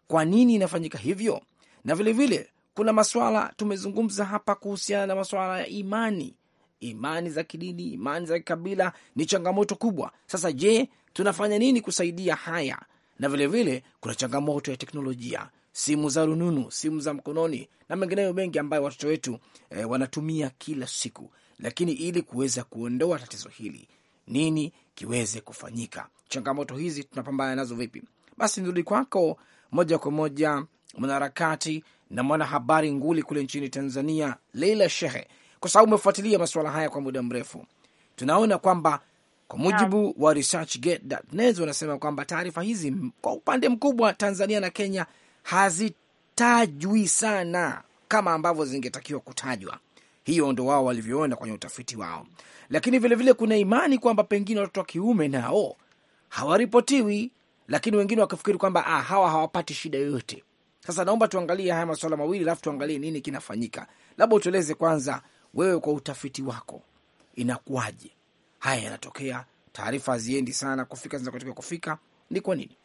Kwa nini inafanyika hivyo? Na vilevile vile, kuna maswala tumezungumza hapa kuhusiana na maswala ya imani, imani za kidini, imani za kikabila ni changamoto kubwa. Sasa je, tunafanya nini kusaidia haya? Na vilevile vile, kuna changamoto ya teknolojia, simu za rununu, simu za mkononi na mengineyo mengi ambayo watoto wetu eh, wanatumia kila siku. Lakini ili kuweza kuondoa tatizo hili, nini kiweze kufanyika. Changamoto hizi tunapambana nazo vipi? Basi nirudi kwako moja kwa moja, mwanaharakati na mwanahabari nguli kule nchini Tanzania, Leila Shehe, kwa sababu umefuatilia masuala haya kwa muda mrefu. Tunaona kwamba kwa mujibu wa researchgate.net wanasema kwamba taarifa hizi kwa upande mkubwa Tanzania na Kenya hazitajwi sana kama ambavyo zingetakiwa kutajwa. Hiyo ndo wao walivyoona kwenye utafiti wao, lakini vilevile vile kuna imani kwamba pengine watoto wa kiume nao hawaripotiwi, lakini wengine wakifikiri kwamba ah, hawa hawapati shida yoyote. Sasa naomba tuangalie haya masuala mawili alafu tuangalie nini kinafanyika. Labda utueleze kwanza, wewe kwa utafiti wako inakuwaje haya yanatokea? Taarifa haziendi sana kufika zinakotoka kufika, ni kwa nini?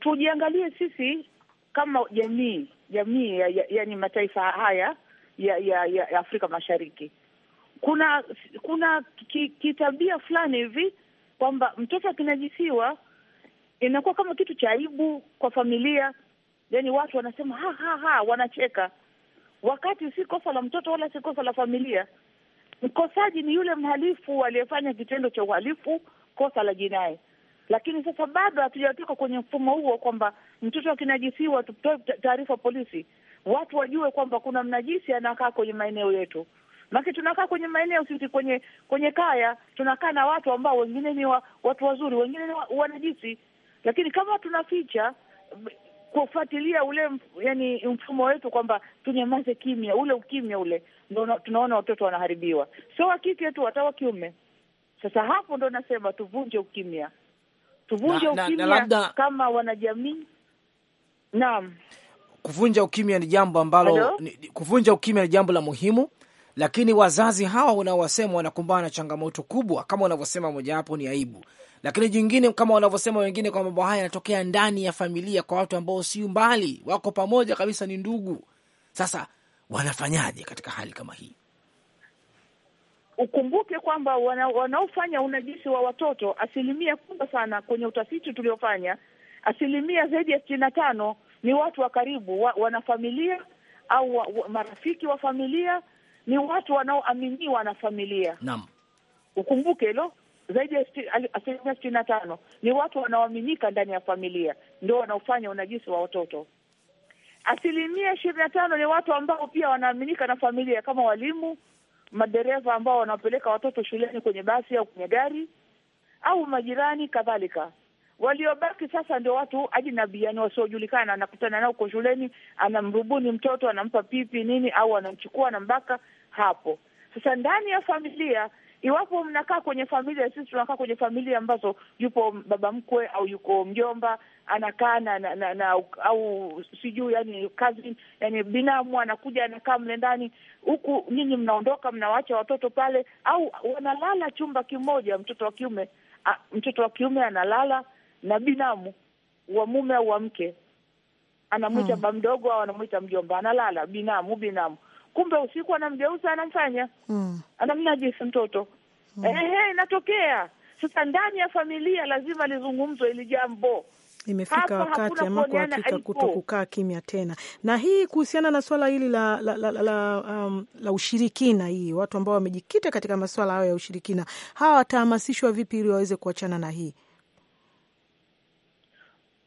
Tujiangalie sisi kama jamii jamii ya, ya, yani mataifa haya ya, ya, ya Afrika Mashariki kuna kuna kitabia ki fulani hivi kwamba mtoto akinajisiwa inakuwa kama kitu cha aibu kwa familia, yani watu wanasema ha, ha, ha, wanacheka, wakati si kosa la mtoto wala si kosa la familia. Mkosaji ni yule mhalifu aliyefanya kitendo cha uhalifu, kosa la jinai. Lakini sasa bado hatujatoka kwenye mfumo huo kwamba mtoto akinajisiwa tutoe taarifa polisi, watu wajue kwamba kuna mnajisi anakaa kwenye maeneo yetu. Maki tunakaa kwenye maeneo sisi, kwenye kwenye kaya tunakaa na watu ambao wengine ni wa, watu wazuri, wengine ni wa, wanajisi, lakini kama tunaficha kufuatilia ule yani mfumo wetu kwamba tunyamaze kimya, ule ukimya ule ndo tunaona watoto wanaharibiwa, sio wa kike tu, hata wa kiume. Sasa hapo ndo nasema tuvunje ukimya tuvunje ukimya labda... kama wanajamii. Naam, kuvunja ukimya ni jambo ambalo, kuvunja ukimya ni jambo la muhimu, lakini wazazi hawa unaowasema wanakumbana na changamoto kubwa, kama wanavyosema mojawapo ni aibu, lakini jingine kama wanavyosema wengine, kwa mambo haya yanatokea ndani ya familia, kwa watu ambao si mbali, wako pamoja kabisa, ni ndugu. Sasa wanafanyaje katika hali kama hii? ukumbuke kwamba wana, wanaofanya unajisi wa watoto asilimia kubwa sana kwenye utafiti tuliofanya, asilimia zaidi ya sitini na tano ni watu wa karibu wa, wanafamilia au wa, wa, marafiki wa familia, ni watu wanaoaminiwa na familia. Naam, ukumbuke hilo zaidi ya asilimia sitini na tano ni watu wanaoaminika ndani ya familia, ndio wanaofanya unajisi wa watoto. Asilimia ishirini na tano ni watu ambao pia wanaaminika na familia kama walimu, madereva ambao wanapeleka watoto shuleni kwenye basi au kwenye gari au majirani kadhalika. Waliobaki sasa ndio watu ajnabi, yani wasiojulikana. Anakutana nao uko shuleni, anamrubuni mtoto, anampa pipi nini, au anamchukua anambaka hapo. Sasa ndani ya familia Iwapo mnakaa kwenye familia, sisi tunakaa kwenye familia ambazo yupo baba mkwe au yuko mjomba anakaa na, na, na, na au sijui yani kazi yani binamu anakuja anakaa mle ndani, huku nyinyi mnaondoka mnawacha watoto pale, au wanalala chumba kimoja, mtoto wa kiume a, mtoto wa kiume analala na binamu wa mume au wa mke, anamwita hmm, ba mdogo au anamwita mjomba, analala binamu binamu kumbe usiku anamgeuza anamfanya mm. anamnajisi mtoto mm. Ehe, inatokea sasa ndani ya familia, lazima lizungumzwe hili jambo. Imefika wakati ambako hakika kuto kukaa kimya tena. Na hii kuhusiana na swala hili la, la, la, la, um, la ushirikina, hii watu ambao wamejikita katika masuala hayo ya ushirikina, hawa watahamasishwa vipi ili waweze kuachana na hii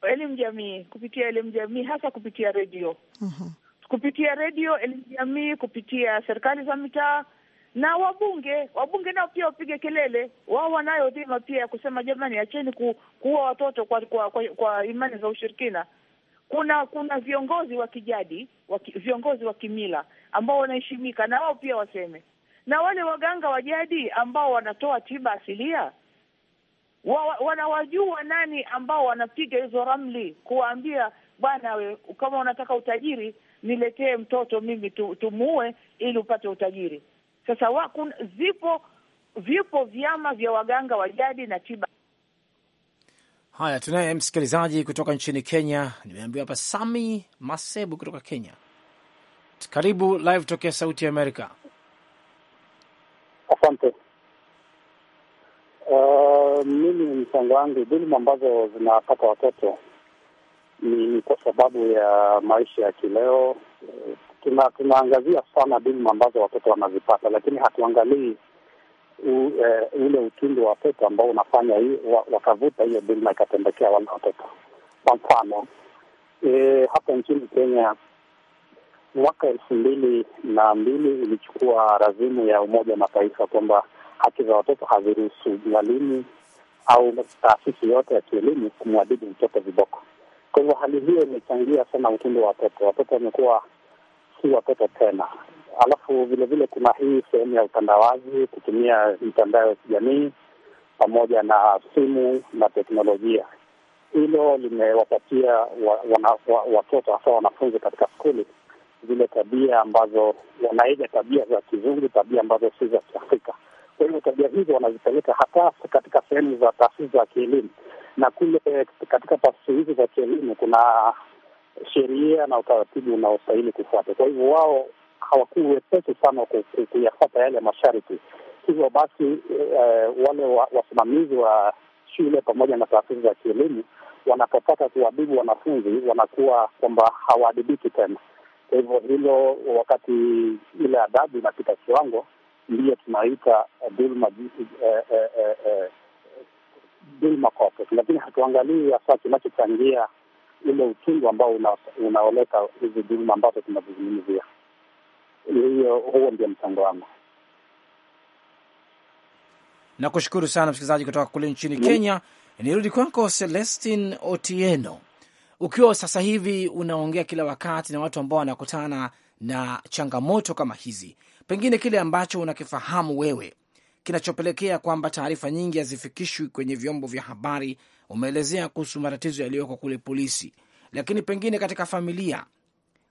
elimu jamii, kupitia elimu jamii hasa kupitia redio. mm -hmm kupitia redio, elimu jamii, kupitia serikali za mitaa na wabunge. Wabunge nao pia wapige kelele, wao wanayo dhima pia ya kusema jamani, acheni ku, kuua watoto kwa, kwa, kwa, kwa imani za ushirikina. Kuna kuna viongozi wa kijadi waki, viongozi wa kimila ambao wanaheshimika na wao pia waseme, na wale waganga wa jadi ambao wanatoa tiba asilia wa, wanawajua nani ambao wanapiga hizo ramli kuwaambia bwana, we kama unataka utajiri niletee mtoto mimi tu, tumuue ili upate utajiri. Sasa wakun, zipo vipo vyama vya waganga wa jadi na tiba. Haya, tunaye msikilizaji kutoka nchini Kenya, nimeambiwa hapa, Sami Masebu kutoka Kenya. Karibu live tokea Sauti ya Amerika. Asante. Uh, mimi mchango wangu dhuluma ambazo zinapata watoto ni kwa sababu ya maisha ya kileo. Tuna, tunaangazia sana dhuluma ambazo watoto wanazipata, lakini hatuangalii u, e, ule utundu wa watoto ambao unafanya wa, wakavuta hiyo dhuluma ikatendekea wale watoto. Kwa mfano e, hapa nchini Kenya mwaka elfu mbili na mbili ilichukua razimu ya Umoja Mataifa kwamba haki za watoto haziruhusu mwalimu au taasisi yote ya kielimu kumwadidi mtoto viboko. Kwa hivyo hali hiyo imechangia sana utindo wa watoto, watoto wamekuwa si watoto tena. Alafu vilevile kuna hii sehemu ya utandawazi, kutumia mitandao ya kijamii pamoja na simu na teknolojia. Hilo limewapatia watoto wa, wa, wa hasa wanafunzi katika skuli zile tabia ambazo wanaiga, tabia za kizungu, tabia ambazo si za Kiafrika. Kwa hivyo tabia hizo wanazipeleka hata katika sehemu za taasisi za kielimu, na kule katika taasisi hizi za kielimu kuna sheria na utaratibu unaostahili kufuata. Kwa hivyo wao hawakuwa wepesi sana kuyafata yale masharti. Hivyo basi eh, wale wasimamizi wa shule pamoja na taasisi za kielimu wanapopata kuadhibu wanafunzi wanakuwa kwamba hawaadhibiki tena. Kwa hivyo hilo, wakati ile adhabu inapita kiwango, ndiyo tunaita dhulma eh, eh, eh, eh dhuluma kwa watoto, lakini hatuangalii hasa kinachochangia ule uchungu ambao unaoleta hizi dhuluma ambazo tunazizungumzia. Hiyo, huo ndio mchango wangu. Nakushukuru sana msikilizaji kutoka kule nchini mm, Kenya. Nirudi kwako Celestin Otieno, ukiwa sasa hivi unaongea kila wakati na watu ambao wanakutana na changamoto kama hizi, pengine kile ambacho unakifahamu wewe kinachopelekea kwamba taarifa nyingi hazifikishwi kwenye vyombo vya habari. Umeelezea kuhusu matatizo yaliyoko kule polisi, lakini pengine katika familia,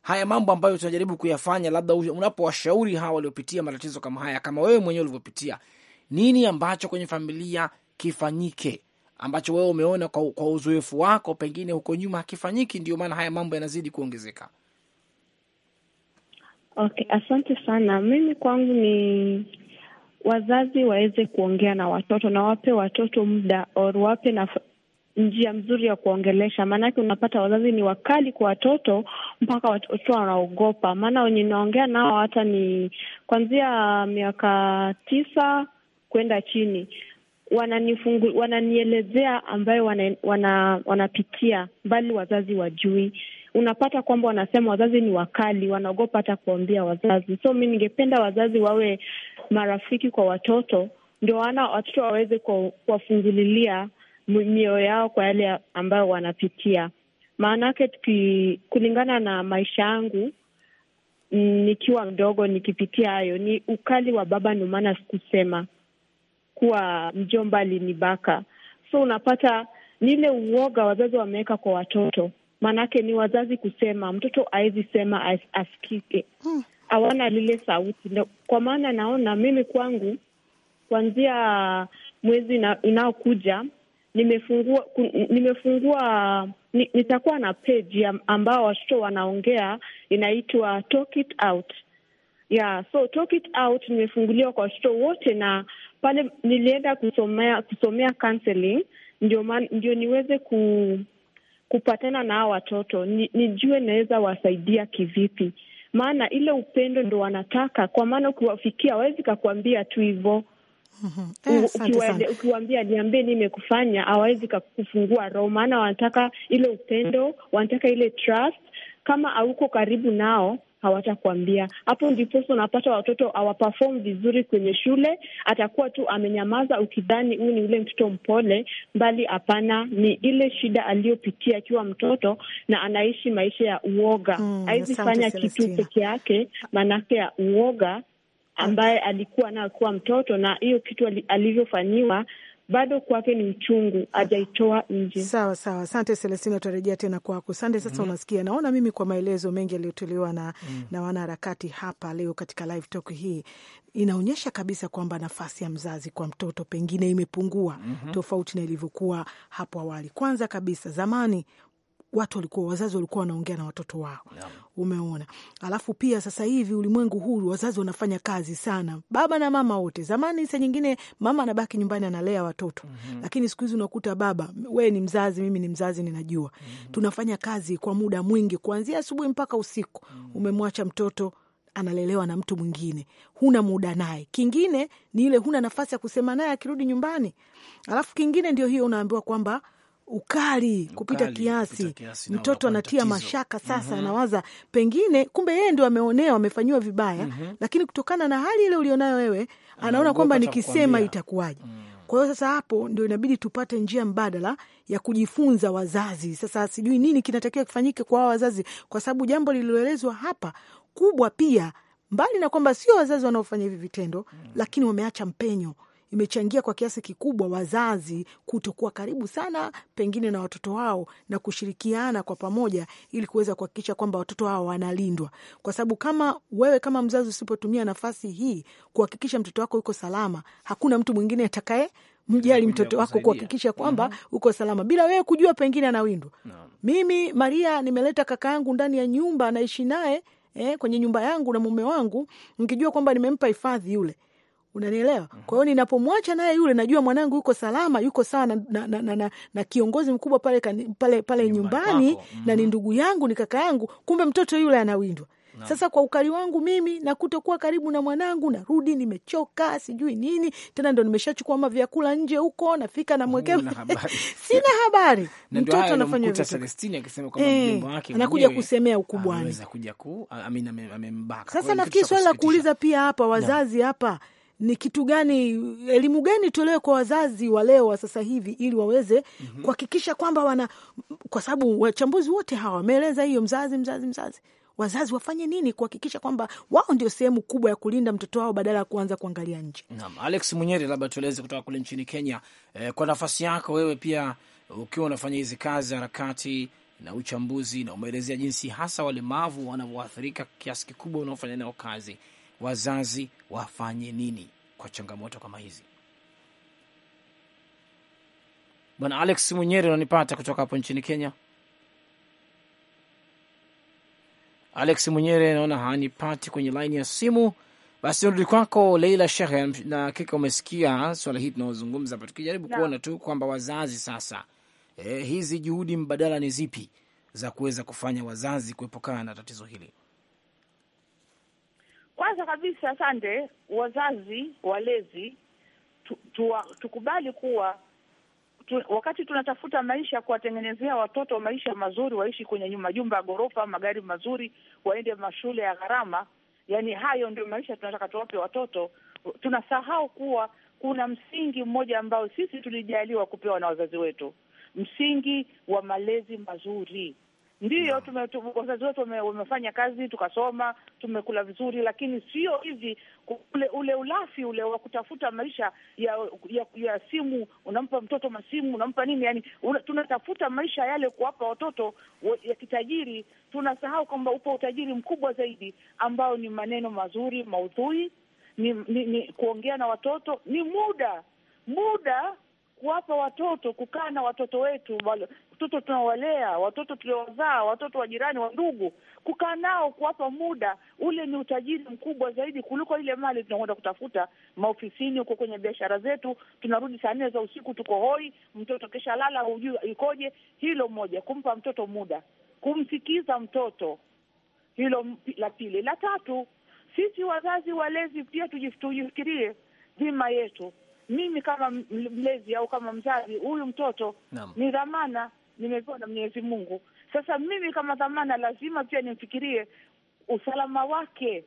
haya mambo ambayo tunajaribu kuyafanya, labda unapowashauri hawa waliopitia matatizo kama haya, kama wewe mwenyewe ulivyopitia, nini ambacho kwenye familia kifanyike ambacho wewe umeona kwa, kwa uzoefu wako pengine huko nyuma hakifanyiki, ndio maana haya mambo yanazidi kuongezeka? Okay, asante sana. Mimi kwangu ni wazazi waweze kuongea na watoto na wape watoto muda or wape na njia mzuri ya kuongelesha, maanake unapata wazazi ni wakali kwa watoto mpaka watoto wanaogopa. Maana wenye naongea nao hata ni kuanzia miaka tisa kwenda chini, wananifungu wananielezea ambayo wanapitia wana, wana mbali wazazi wajui unapata kwamba wanasema wazazi ni wakali, wanaogopa hata kuambia wazazi. So mi ningependa wazazi wawe marafiki kwa watoto, ndio wana watoto waweze kuwafungulilia mioyo yao kwa yale ambayo wanapitia. Maanake kulingana na maisha yangu nikiwa mdogo nikipitia hayo ni ukali wa baba, ndio maana sikusema kuwa mjomba alinibaka. So unapata ni ile uoga wazazi wameweka kwa watoto maanake ni wazazi kusema mtoto awezi sema asikike, hmm. hawana lile sauti. kwa maana naona mimi kwangu kuanzia mwezi unaokuja nimefungua nimefungua nitakuwa na peji ambao watoto wanaongea inaitwa Talk It Out. Yeah, so Talk It Out nimefunguliwa kwa watoto wote, na pale nilienda kusomea kusomea counseling ndio, ndio niweze ku kupatana na hao watoto ni, nijue naweza wasaidia kivipi, maana ile upendo ndo wanataka, kwa maana ukiwafikia awawezi kakuambia tu hivo. Mm -hmm. Eh, ukiwambia niambie nimekufanya, hawawezi kakufungua roho, maana wanataka ile upendo, wanataka ile trust. Kama hauko karibu nao, hawatakuambia. Hapo ndiposa unapata watoto hawaperform vizuri kwenye shule, atakuwa tu amenyamaza, ukidhani huyu ni ule mtoto mpole, mbali hapana, ni ile shida aliyopitia akiwa mtoto na anaishi maisha ya uoga. Mm, hawezi fanya kitu peke yake, maanake ya uoga ambaye alikuwa nayo kuwa mtoto, na hiyo kitu alivyofanyiwa bado kwake ni uchungu, hajaitoa nje. Sawa sawa, asante Celestina, tutarejea tena kwako. Sande, sasa mm -hmm. Unasikia, naona mimi kwa maelezo mengi yaliyotolewa na, mm -hmm. na wanaharakati hapa leo katika live talk hii inaonyesha kabisa kwamba nafasi ya mzazi kwa mtoto pengine imepungua, mm -hmm. tofauti na ilivyokuwa hapo awali. Kwanza kabisa, zamani watu walikuwa wazazi walikuwa wanaongea na watoto wao yeah. Umeona, alafu pia sasa hivi ulimwengu huu wazazi wanafanya kazi sana, baba na mama wote. Zamani saa nyingine mama anabaki nyumbani analea watoto mm -hmm. Lakini siku hizi unakuta baba, we ni mzazi, mimi ni mzazi, ninajua mm -hmm. tunafanya kazi kwa muda mwingi kuanzia asubuhi mpaka usiku mm -hmm. Umemwacha mtoto analelewa na mtu mwingine, huna muda naye. Kingine ni ile huna nafasi ya kusema naye akirudi nyumbani, alafu kingine ndio hiyo unaambiwa kwamba ukali kupita ukali, kiasi, kiasi mtoto anatia Mashaka sasa mm -hmm. Anawaza pengine kumbe yeye ndio ameonewa amefanyiwa vibaya mm -hmm. lakini kutokana na hali ile ulionayo wewe anaona kwamba nikisema itakuwaje? mm. -hmm. Kwa hiyo sasa hapo ndio inabidi tupate njia mbadala ya kujifunza wazazi. Sasa sijui nini kinatakiwa kifanyike kwa wazazi, kwa sababu jambo lililoelezwa hapa kubwa pia, mbali na kwamba sio wazazi wanaofanya hivi vitendo mm. -hmm. lakini wameacha mpenyo imechangia kwa kiasi kikubwa wazazi kutokuwa karibu sana pengine na watoto wao na kushirikiana kwa pamoja ili kuweza kuhakikisha kwamba watoto hao wanalindwa, kwa sababu kama wewe kama mzazi usipotumia nafasi hii kuhakikisha mtoto wako yuko salama, hakuna mtu mwingine atakaye mjali mtoto wako kuhakikisha kwamba mm -hmm. uko salama bila wewe kujua, pengine anawindwa no. Mimi Maria nimeleta kaka yangu ndani ya nyumba, anaishi naye eh, kwenye nyumba yangu na mume wangu, nikijua kwamba nimempa hifadhi yule Unanielewa? mm Kwa hiyo ninapomwacha naye yule, najua mwanangu yuko salama, yuko sawa na, na, na, na, na na kiongozi mkubwa pale pale, pale nyumbani mm. -hmm. na ni ndugu yangu, ni kaka yangu, kumbe mtoto yule anawindwa. No. Sasa kwa ukali wangu mimi na kutokuwa karibu na mwanangu, narudi nimechoka, sijui nini tena, ndo nimeshachukua ma vyakula nje huko, nafika namwekea sina habari mtoto anafanya eh, anakuja kusemea ukubwani. Sasa nafikiri swali la kuuliza pia hapa wazazi hapa no ni kitu gani, elimu gani itolewe kwa wazazi wa leo wa sasa hivi ili waweze mm -hmm. kuhakikisha kwamba wana, kwa sababu wachambuzi wote hawa wameeleza hiyo, mzazi mzazi mzazi wazazi wafanye nini kuhakikisha kwamba wao ndio sehemu kubwa ya kulinda mtoto wao badala ya kuanza kuangalia nje. Naam, Alex Munyeri, labda tueleze kutoka kule nchini Kenya, e, kwa nafasi yako wewe pia ukiwa unafanya hizi kazi harakati na uchambuzi na umeelezea jinsi hasa walemavu wanavyoathirika kiasi kikubwa unaofanya nao kazi wazazi wafanye nini kwa changamoto kama hizi? Bwana Alex Munyeri, unanipata kutoka hapo nchini Kenya? Alex Munyere naona hanipati kwenye laini ya simu. Basi urudi kwako Leila shehe na kika umesikia swala hii tunaozungumza hapa, tukijaribu kuona tu kwamba wazazi sasa, eh, hizi juhudi mbadala ni zipi za kuweza kufanya wazazi kuepukana na tatizo hili? Kwanza kabisa, sande wazazi walezi, tu, tu, tukubali kuwa tu, wakati tunatafuta maisha kuwatengenezea watoto maisha mazuri, waishi kwenye majumba ya ghorofa, magari mazuri, waende mashule ya gharama, yani hayo ndio maisha tunataka tuwape watoto. Tunasahau kuwa kuna msingi mmoja ambao sisi tulijaliwa kupewa na wazazi wetu, msingi wa malezi mazuri Ndiyo, wazazi wetu wamefanya kazi, tukasoma, tumekula vizuri, lakini sio hivi ule, ule ulafi ule wa kutafuta maisha ya ya, ya simu. Unampa mtoto masimu, unampa nini? Yani una, tunatafuta maisha yale kuwapa watoto ya kitajiri, tunasahau kwamba upo utajiri mkubwa zaidi ambao ni maneno mazuri, maudhui ni, ni, ni kuongea na watoto, ni muda muda kuwapa watoto, kukaa na watoto wetu, watoto tunawalea, watoto tuliowazaa, watoto wa jirani, wa ndugu, kukaa nao, kuwapa muda ule, ni utajiri mkubwa zaidi kuliko ile mali tunakwenda kutafuta maofisini, huko kwenye biashara zetu. Tunarudi saa nne za usiku, tuko hoi, mtoto kesha lala, hujui ikoje. Hilo moja, kumpa mtoto muda, kumsikiza mtoto. Hilo la pili. La tatu, sisi wazazi walezi pia tujifikirie dhima yetu mimi kama mlezi au kama mzazi, huyu mtoto ni dhamana nimepewa na Mwenyezi Mungu. Sasa mimi kama dhamana, lazima pia nimfikirie usalama wake.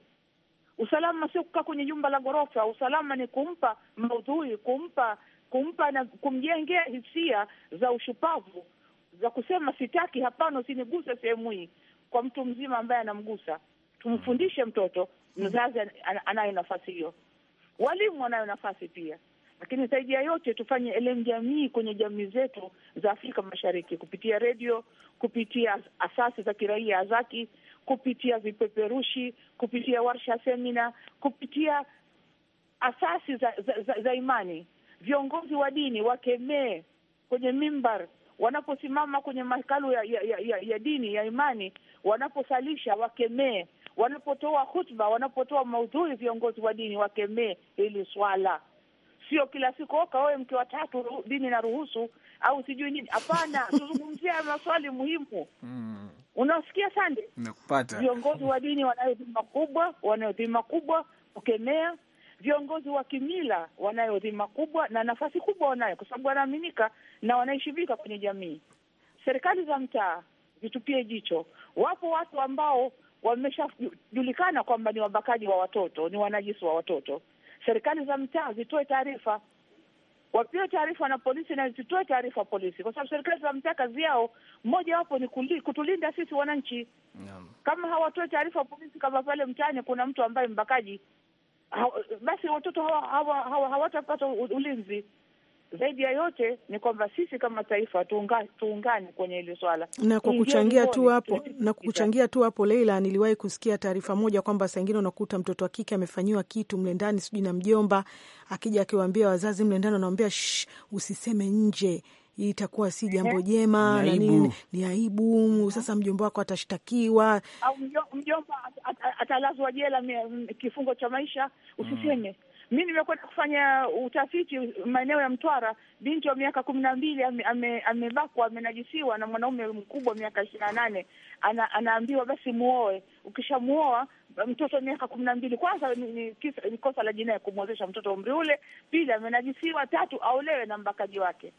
Usalama sio kukaa kwenye jumba la ghorofa. Usalama ni kumpa maudhui, kumpa kumpa na kumjengea hisia za ushupavu za kusema sitaki, hapana, usiniguse sehemu hii, kwa mtu mzima ambaye anamgusa. Tumfundishe mtoto, mzazi anayo nafasi hiyo, walimu wanayo nafasi pia. Lakini zaidi ya yote tufanye elimu jamii kwenye jamii zetu za Afrika Mashariki kupitia redio, kupitia asasi za kiraia azaki kupitia vipeperushi, kupitia warsha, semina, kupitia asasi za, za, za, za imani. Viongozi wa dini wakemee kwenye mimbar wanaposimama kwenye mahekalu ya, ya, ya, ya dini ya imani, wanaposalisha wakemee, wanapotoa hutba, wanapotoa maudhui, viongozi wa dini wakemee hili swala sio kila siku oka oh, wewe mke wa tatu dini na ruhusu au sijui nini. Hapana, tuzungumzie maswali muhimu mm. Unasikia sande, nakupata. Viongozi wa dini wanayo dhima kubwa, wanayo dhima kubwa kukemea viongozi wa kimila wanayo dhima kubwa na nafasi kubwa wanayo, kwa sababu wanaaminika na wanaheshimika kwenye jamii. Serikali za mtaa zitupie jicho. Wapo watu ambao wameshajulikana kwamba ni wabakaji wa watoto, ni wanajisi wa watoto, serikali za mtaa zitoe taarifa, wapewe taarifa na polisi na zitoe taarifa polisi, kwa sababu serikali za mtaa kazi yao mojawapo ni kuli, kutulinda sisi wananchi no. Kama hawatoe taarifa polisi, kama pale mtaani kuna mtu ambaye mbakaji ha, basi watoto hawatapata hawa, hawa, hawa ulinzi zaidi ya yote ni kwamba sisi kama taifa tuungane, tuungane kwenye hili swala na kwa kuchangia tu hapo na kuchangia tu hapo Leila, niliwahi kusikia taarifa moja kwamba saa ingine unakuta mtoto wa kike amefanyiwa kitu mle ndani, sijui na mjomba akija akiwaambia wazazi mle ndani, anawambia usiseme nje hii itakuwa si jambo jema na nini, ni aibu. Sasa mjomba wako atashtakiwa au mjomba atalazwa jela kifungo cha maisha, mm. usiseme mm. Mi nimekwenda kufanya utafiti maeneo ya Mtwara, binti wa miaka kumi na mbili amebakwa, ame amenajisiwa na mwanaume mkubwa miaka ishirini na nane. Ana, anaambiwa basi muoe, ukishamuoa mtoto miaka kumi na mbili. Kwanza ni, ni, kisa, ni kosa la jinai kumwozesha mtoto umri ule. Pili, amenajisiwa. Tatu, aolewe na mbakaji wake.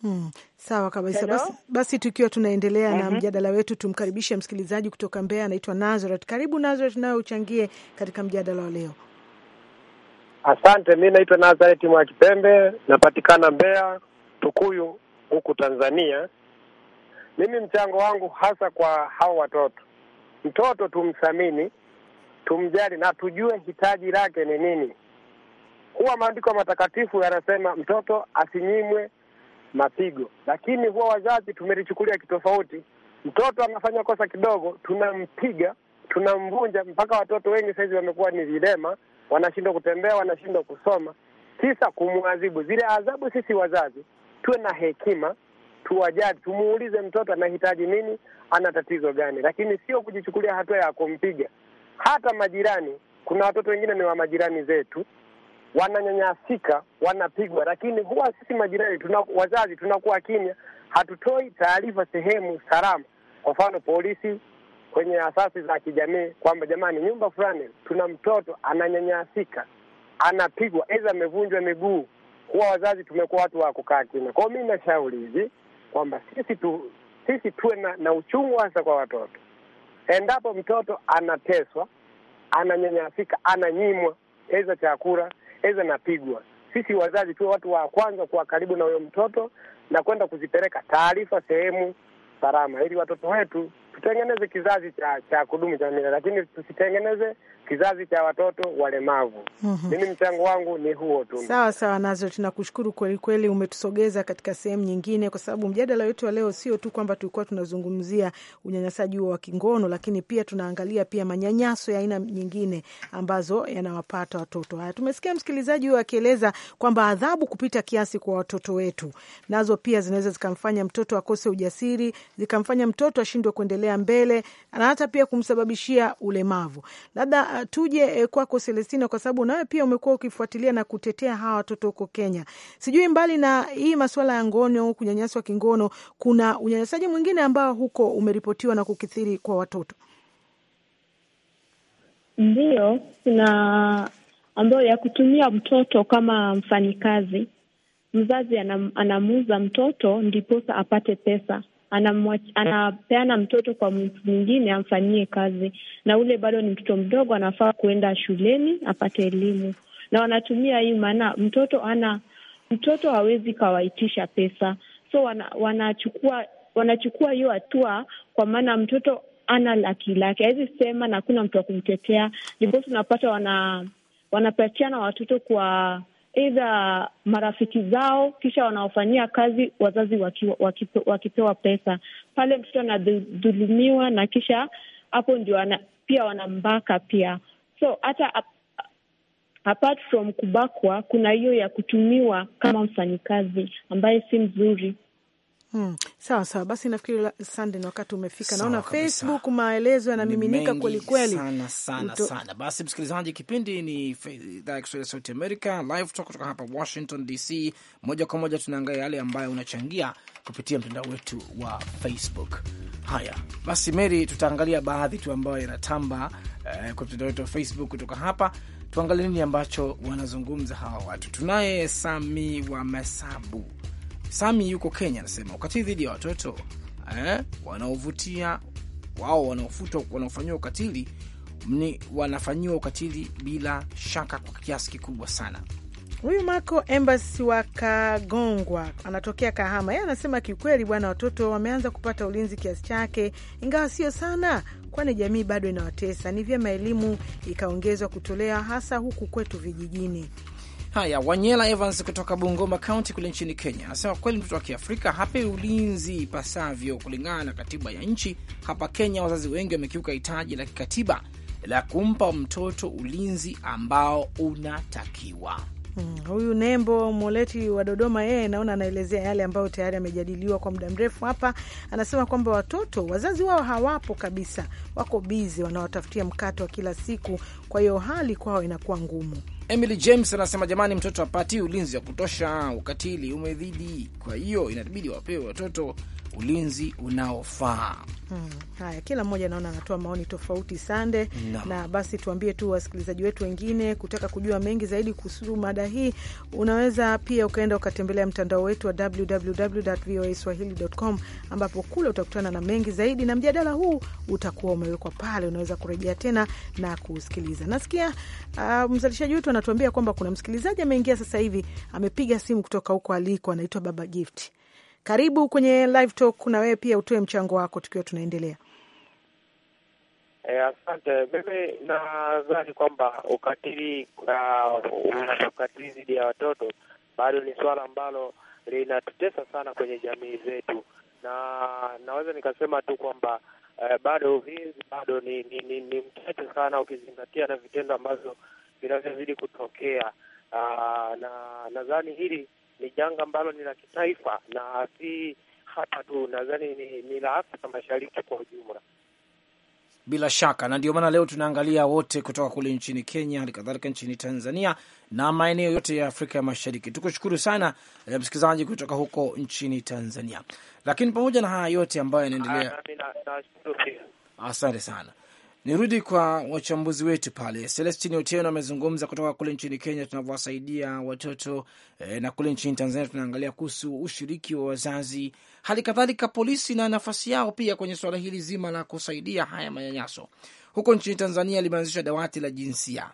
Hmm, sawa kabisa. Basi, basi tukiwa tunaendelea mm -hmm. na mhm. mjadala wetu tumkaribishe msikilizaji kutoka Mbeya anaitwa Nazareth. Karibu Nazareth, nayo uchangie katika mjadala wa leo. Asante, mi naitwa Nazareti mwa Kipembe, napatikana Mbeya, Tukuyu huku Tanzania. Mimi mchango wangu hasa kwa hao watoto, mtoto tumthamini, tumjali na tujue hitaji lake ni nini. Huwa maandiko matakatifu yanasema mtoto asinyimwe mapigo, lakini huwa wazazi tumelichukulia kitofauti. Mtoto anafanya kosa kidogo, tunampiga tunamvunja, mpaka watoto wengi saizi wamekuwa ni vilema wanashindwa kutembea, wanashindwa kusoma. kisa kumwadhibu. Zile adhabu, sisi wazazi tuwe na hekima, tuwajali, tumuulize mtoto anahitaji nini, ana tatizo gani, lakini sio kujichukulia hatua ya kumpiga. Hata majirani, kuna watoto wengine ni wa majirani zetu wananyanyasika, wanapigwa, lakini huwa sisi majirani tuna, wazazi tunakuwa kimya, hatutoi taarifa sehemu salama, kwa mfano polisi kwenye asasi za kijamii kwamba jamani, nyumba fulani tuna mtoto ananyanyasika, anapigwa, aidha amevunjwa miguu. Huwa wazazi tumekuwa watu wa kukaa kimya. Kwao mi nashauri hivi kwamba sisi tu, sisi tuwe na, na uchungu hasa kwa watoto. Endapo mtoto anateswa, ananyanyasika, ananyimwa aidha chakula, aidha napigwa, sisi wazazi tuwe watu wa kwanza kuwa karibu na huyo mtoto na kwenda kuzipeleka taarifa sehemu salama, ili watoto wetu tutengeneze kizazi cha cha kudumu cha mila, lakini tusitengeneze kizazi cha watoto walemavu. Mhm. Mimi mm -hmm. mchango wangu ni huo tu. Sawa sawa, nazo tunakushukuru kweli kweli, umetusogeza katika sehemu nyingine, kwa sababu mjadala wetu wa leo sio tu kwamba tulikuwa tunazungumzia unyanyasaji huo wa kingono, lakini pia tunaangalia pia manyanyaso ya aina nyingine ambazo yanawapata watoto. Haya, tumesikia msikilizaji huyo akieleza kwamba adhabu kupita kiasi kwa watoto wetu nazo pia zinaweza zikamfanya mtoto akose ujasiri, zikamfanya mtoto ashindwe kuendelea mbele na hata pia kumsababishia ulemavu labda tuje eh, kwako Selestina, kwa sababu nawe pia umekuwa ukifuatilia na kutetea hawa watoto huko Kenya. Sijui mbali na hii masuala ya ngono, kunyanyaswa kingono, kuna unyanyasaji mwingine ambao huko umeripotiwa na kukithiri kwa watoto? Ndiyo, kuna ambayo ya kutumia mtoto kama mfanyikazi. Mzazi anamuuza mtoto ndiposa apate pesa anapeana mtoto kwa mtu mwingine amfanyie kazi, na ule bado ni mtoto mdogo, anafaa kuenda shuleni apate elimu. Na wanatumia hii maana mtoto ana mtoto hawezi kawaitisha pesa, so wana, wanachukua wanachukua hiyo hatua, kwa maana mtoto ana laki lake hawezi sema na hakuna mtu wa kumtetea, ndipo tunapata wana wanapatiana watoto kwa idha marafiki zao, kisha wanaofanyia kazi wazazi wakiwa, waki, wakipewa pesa pale mtoto anadhulumiwa, na kisha hapo ndio wana, pia wanambaka pia. So hata apart from kubakwa, kuna hiyo ya kutumiwa kama mfanyikazi ambaye si mzuri. Hmm. Sawa sawa, basi nafikiri sande, na wakati umefika. Naona Facebook maelezo yanamiminika kwelikweli sana sana Mto... sana. Basi msikilizaji, kipindi ni idhaa ya Kiswahili ya Sauti Amerika live talk kutoka hapa Washington DC, moja kwa moja tunaangalia yale ambayo unachangia kupitia mtandao wetu wa Facebook. Haya basi, Mary, tutaangalia baadhi tu ambayo yanatamba eh, kwa mtandao wetu wa Facebook kutoka hapa. Tuangalie nini ambacho wanazungumza hawa watu. Tunaye Sami wa Masabu Sami yuko Kenya, anasema ukatili dhidi ya watoto eh, wanaovutia wao wanaofutwa wanaofanyiwa ukatili ni wanafanyiwa ukatili bila shaka kwa kiasi kikubwa sana. Huyu Mako Embassy wa Kagongwa anatokea Kahama, yeye anasema kiukweli, bwana, watoto wameanza kupata ulinzi kiasi chake, ingawa sio sana, kwani jamii bado inawatesa. Ni vyema elimu ikaongezwa kutolewa, hasa huku kwetu vijijini. Haya, Wanyela Evans kutoka Bungoma kaunti kule nchini Kenya anasema kweli mtoto wa Kiafrika hape ulinzi ipasavyo kulingana na katiba ya nchi. Hapa Kenya wazazi wengi wamekiuka hitaji la kikatiba la kumpa mtoto ulinzi ambao unatakiwa. Mm, huyu Nembo Moleti wa Dodoma, yeye naona anaelezea yale ambayo tayari amejadiliwa kwa muda mrefu hapa. Anasema kwamba watoto wazazi wao hawapo kabisa, wako bizi, wanawatafutia mkato wa kila siku, kwa hiyo hali kwao inakuwa ngumu. Emily James anasema jamani, mtoto apati ulinzi wa kutosha, ukatili ume dhidi, kwa hiyo inabidi wapewe watoto ulinzi unaofaa. Hmm. Haya, kila mmoja naona anatoa maoni tofauti sande no. Na basi tuambie tu wasikilizaji wetu wengine, kutaka kujua mengi zaidi kuhusu mada hii, unaweza pia ukaenda ukatembelea mtandao wetu wa www.voaswahili.com, ambapo kule utakutana na mengi zaidi, na mjadala huu utakuwa umewekwa pale, unaweza kurejea tena na kusikiliza. Nasikia uh, mzalishaji wetu anatuambia kwamba kuna msikilizaji ameingia sasa hivi, amepiga simu kutoka huko aliko, anaitwa Baba Gift karibu kwenye live talk, na wewe pia utoe mchango wako tukiwa tunaendelea. E, asante. Mimi nadhani kwamba ukatili uh, ukatili dhidi ya watoto bado ni suala ambalo linatutesa sana kwenye jamii zetu, na naweza nikasema tu kwamba eh, bado ulinzi bado ni, ni, ni, ni mchache sana ukizingatia na vitendo ambavyo vinavyozidi kutokea. Uh, na nadhani hili ni janga ambalo ni la kitaifa na si hapa tu, nadhani ni, ni la Afrika Mashariki kwa ujumla. Bila shaka, na ndio maana leo tunaangalia wote kutoka kule nchini Kenya, hali kadhalika nchini Tanzania na maeneo yote ya Afrika ya Mashariki. Tukushukuru sana eh, msikilizaji kutoka huko nchini Tanzania. Lakini pamoja na haya yote ambayo yanaendelea, ah, asante sana Nirudi kwa wachambuzi wetu pale. Celestin Otieno amezungumza kutoka kule nchini Kenya tunavyowasaidia watoto eh, na kule nchini Tanzania tunaangalia kuhusu ushiriki wa wazazi, hali kadhalika polisi na nafasi yao pia kwenye suala hili zima la kusaidia haya manyanyaso. Huko nchini Tanzania limeanzisha dawati la jinsia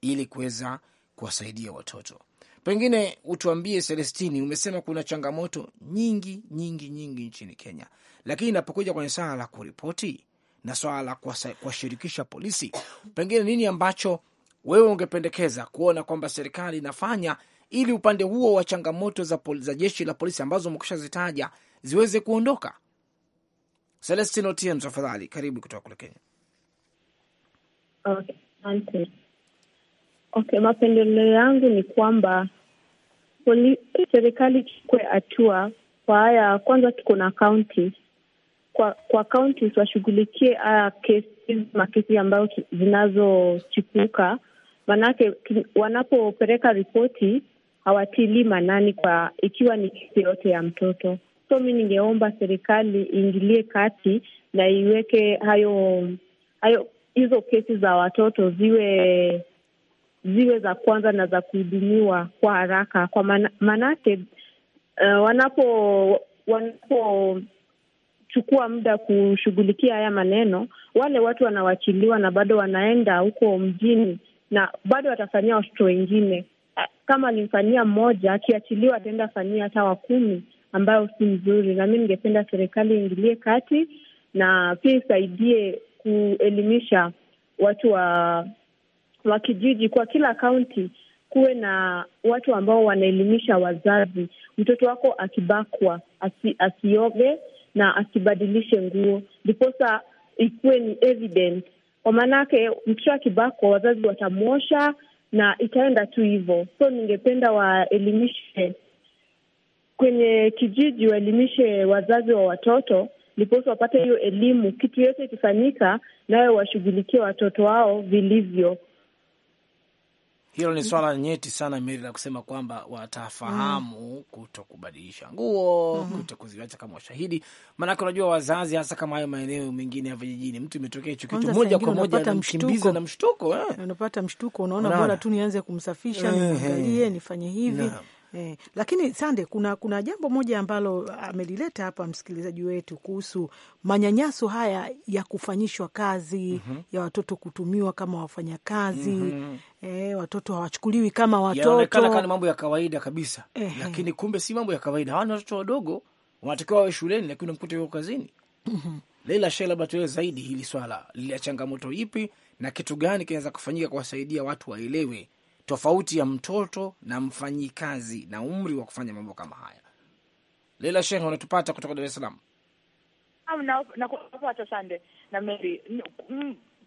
ili kuweza kuwasaidia watoto. Pengine utuambie Celestini, umesema kuna changamoto nyingi nyingi nyingi nchini Kenya, lakini inapokuja kwenye suala la kuripoti na swala la kuwashirikisha polisi, pengine nini ambacho wewe ungependekeza kuona kwamba serikali inafanya ili upande huo wa changamoto za, za jeshi la polisi ambazo umekwisha zitaja ziweze kuondoka? Celestine tafadhali karibu kutoka kule Kenya. Okay, Okay, mapendeleo yangu ni kwamba serikali ichukue hatua kwa haya. Kwanza tuko na kaunti kwa kwa kaunti washughulikie uh, kesi makesi ambayo zinazochipuka, manake wanapopeleka ripoti hawatilii manani kwa ikiwa ni kesi yote ya mtoto. So mi ningeomba serikali iingilie kati na iweke hayo hayo hizo kesi za watoto ziwe ziwe za kwanza na za kuhudumiwa kwa haraka, kwa manake uh, wanapo wanapo kuchukua muda kushughulikia haya maneno, wale watu wanawachiliwa na bado wanaenda huko mjini na bado watafanyia watoto wengine. Ah, kama alimfanyia mmoja, akiachiliwa ataenda fanyia hata wa kumi, ambayo si mzuri. Na mi ningependa serikali iingilie kati na pia isaidie kuelimisha watu wa wa kijiji. Kwa kila kaunti kuwe na watu ambao wanaelimisha wazazi. Mtoto wako akibakwa, asi, asioge na asibadilishe nguo, ndiposa ikuwe ni evident, kwa yake mtoto akibakwa wazazi watamwosha na itaenda tu hivyo. So ningependa waelimishe kwenye kijiji, waelimishe wazazi wa watoto ndiposa wapate hiyo elimu, kitu yote ikifanyika, nayo washughulikie watoto wao vilivyo hilo ni swala nyeti sana Meri, la kusema kwamba watafahamu mm. kuto kubadilisha nguo mm -hmm. kuto kuziacha kama washahidi, maanake unajua wazazi, hasa kama hayo maeneo mengine ya vijijini, mtu imetokea hicho kitu moja kwa moja anamkimbiza na mshtuko eh, unapata mshtuko, unaona bora tu nianze kumsafisha, niangalie, nifanye hivi na. Eh, lakini Sande, kuna, kuna jambo moja ambalo amelileta hapa msikilizaji wetu kuhusu manyanyaso haya ya kufanyishwa kazi mm -hmm. ya watoto kutumiwa kama wafanyakazi mm -hmm. eh, watoto hawachukuliwi kama watoto, mambo ya kawaida kabisa eh, lakini kumbe si mambo ya kawaida. Hawa ni watoto wadogo, wanatakiwa wawe shuleni, lakini unamkuta yuko kazini mm -hmm. Leila Shee, labda tuelewe zaidi hili swala lila changamoto ipi na kitu gani kinaweza kufanyika kuwasaidia watu waelewe tofauti ya mtoto na mfanyikazi na umri wa kufanya mambo kama haya. Lela Shehe, unatupata kutoka Dar es Salaam? Nakupata Sande na Meri.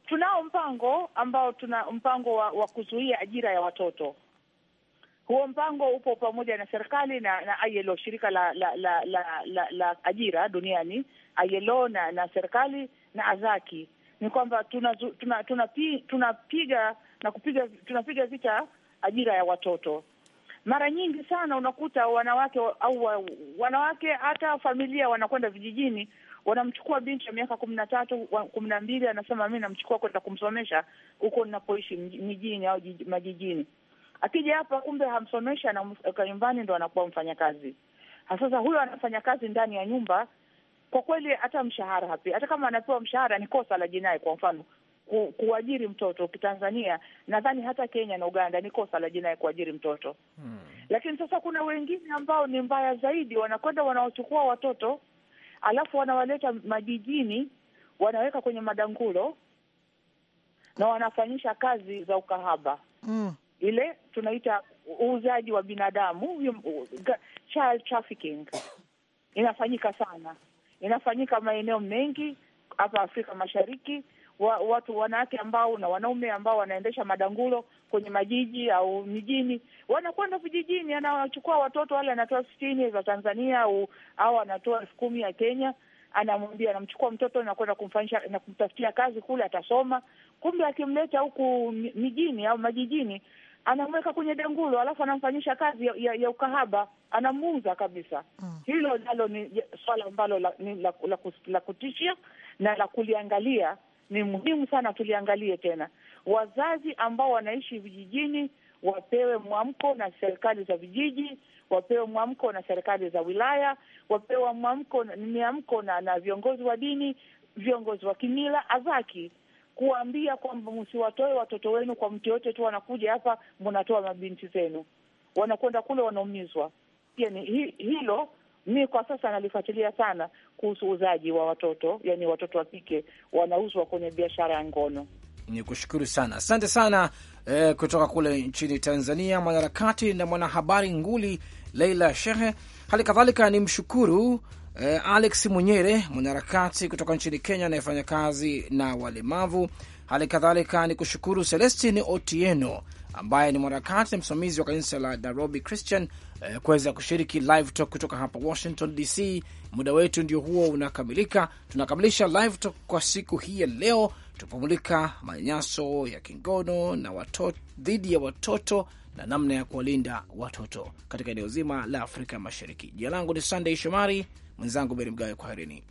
Tunao mpango ambao tuna mpango wa, wa kuzuia ajira ya watoto. Huo mpango upo pamoja na serikali na, na ILO shirika la la, la, la, la, la ajira duniani ILO na, na serikali na Azaki ni kwamba tunapiga tuna, tuna, tuna, tuna na tunapiga vita ajira ya watoto. Mara nyingi sana unakuta wanawake au wanawake hata familia wanakwenda vijijini, wanamchukua binti ya miaka kumi na tatu kumi na mbili, anasema mi namchukua kwenda kumsomesha huko ninapoishi mijini au majijini. Akija hapa, kumbe hamsomesha, anamweka nyumbani, ndo anakuwa mfanyakazi. Sasa huyo anafanya kazi ndani ya nyumba, kwa kweli hata mshahara hapi. Hata kama anapewa mshahara, ni kosa la jinai, kwa mfano ku, kuajiri mtoto kitanzania, nadhani hata Kenya na Uganda ni kosa la jinai kuajiri mtoto hmm. Lakini sasa kuna wengine ambao ni mbaya zaidi, wanakwenda wanawachukua watoto alafu wanawaleta majijini, wanaweka kwenye madangulo na wanafanyisha kazi za ukahaba hmm. Ile tunaita uuzaji wa binadamu, child trafficking inafanyika sana, inafanyika maeneo mengi hapa Afrika Mashariki wa, watu wanawake ambao na wanaume ambao wanaendesha madangulo kwenye majiji au mijini, wanakwenda vijijini, anawachukua watoto wale, anatoa sitini za Tanzania au au anatoa elfu kumi ya Kenya, anamwambia anamchukua mtoto nakwenda kumfanyisha na kumtafutia kazi kule, atasoma. Kumbe akimleta huku mijini au majijini anamweka kwenye dangulo alafu anamfanyisha kazi ya, ya, ya ukahaba, anamuuza kabisa. Mm. Hilo nalo ni swala ambalo la, la, la, la, la kutishia na la kuliangalia ni muhimu sana tuliangalie tena. Wazazi ambao wanaishi vijijini wapewe mwamko na serikali za vijiji, wapewe mwamko na serikali za wilaya, wapewe mwamko miamko na, na viongozi wa dini, viongozi wa kimila, azaki kuwambia kwamba msiwatoe watoto wenu kwa mtu yoyote tu, wanakuja hapa mnatoa mabinti zenu, wanakwenda kule wanaumizwa. Pia ni hilo Mi kwa sasa nalifuatilia sana kuhusu uuzaji wa watoto, yani watoto wa kike wanauzwa kwenye biashara ya ngono. Ni kushukuru sana, asante sana eh, kutoka kule nchini Tanzania, mwanaharakati na mwanahabari nguli Leila Shehe. Hali kadhalika ni mshukuru eh, Alex Munyere, mwanaharakati kutoka nchini Kenya anayefanya kazi na walemavu. Hali kadhalika ni kushukuru Celestin Otieno ambaye ni mwanaharakati na msimamizi wa kanisa la Nairobi Christian eh, kuweza kushiriki live talk kutoka hapa Washington DC. Muda wetu ndio huo unakamilika, tunakamilisha live talk kwa siku hii ya leo. Tupumulika manyanyaso ya kingono na watoto dhidi ya watoto na namna ya kuwalinda watoto katika eneo zima la Afrika Mashariki. Jina langu ni Sunday Shomari, mwenzangu Beri Mgawe. Kwaherini.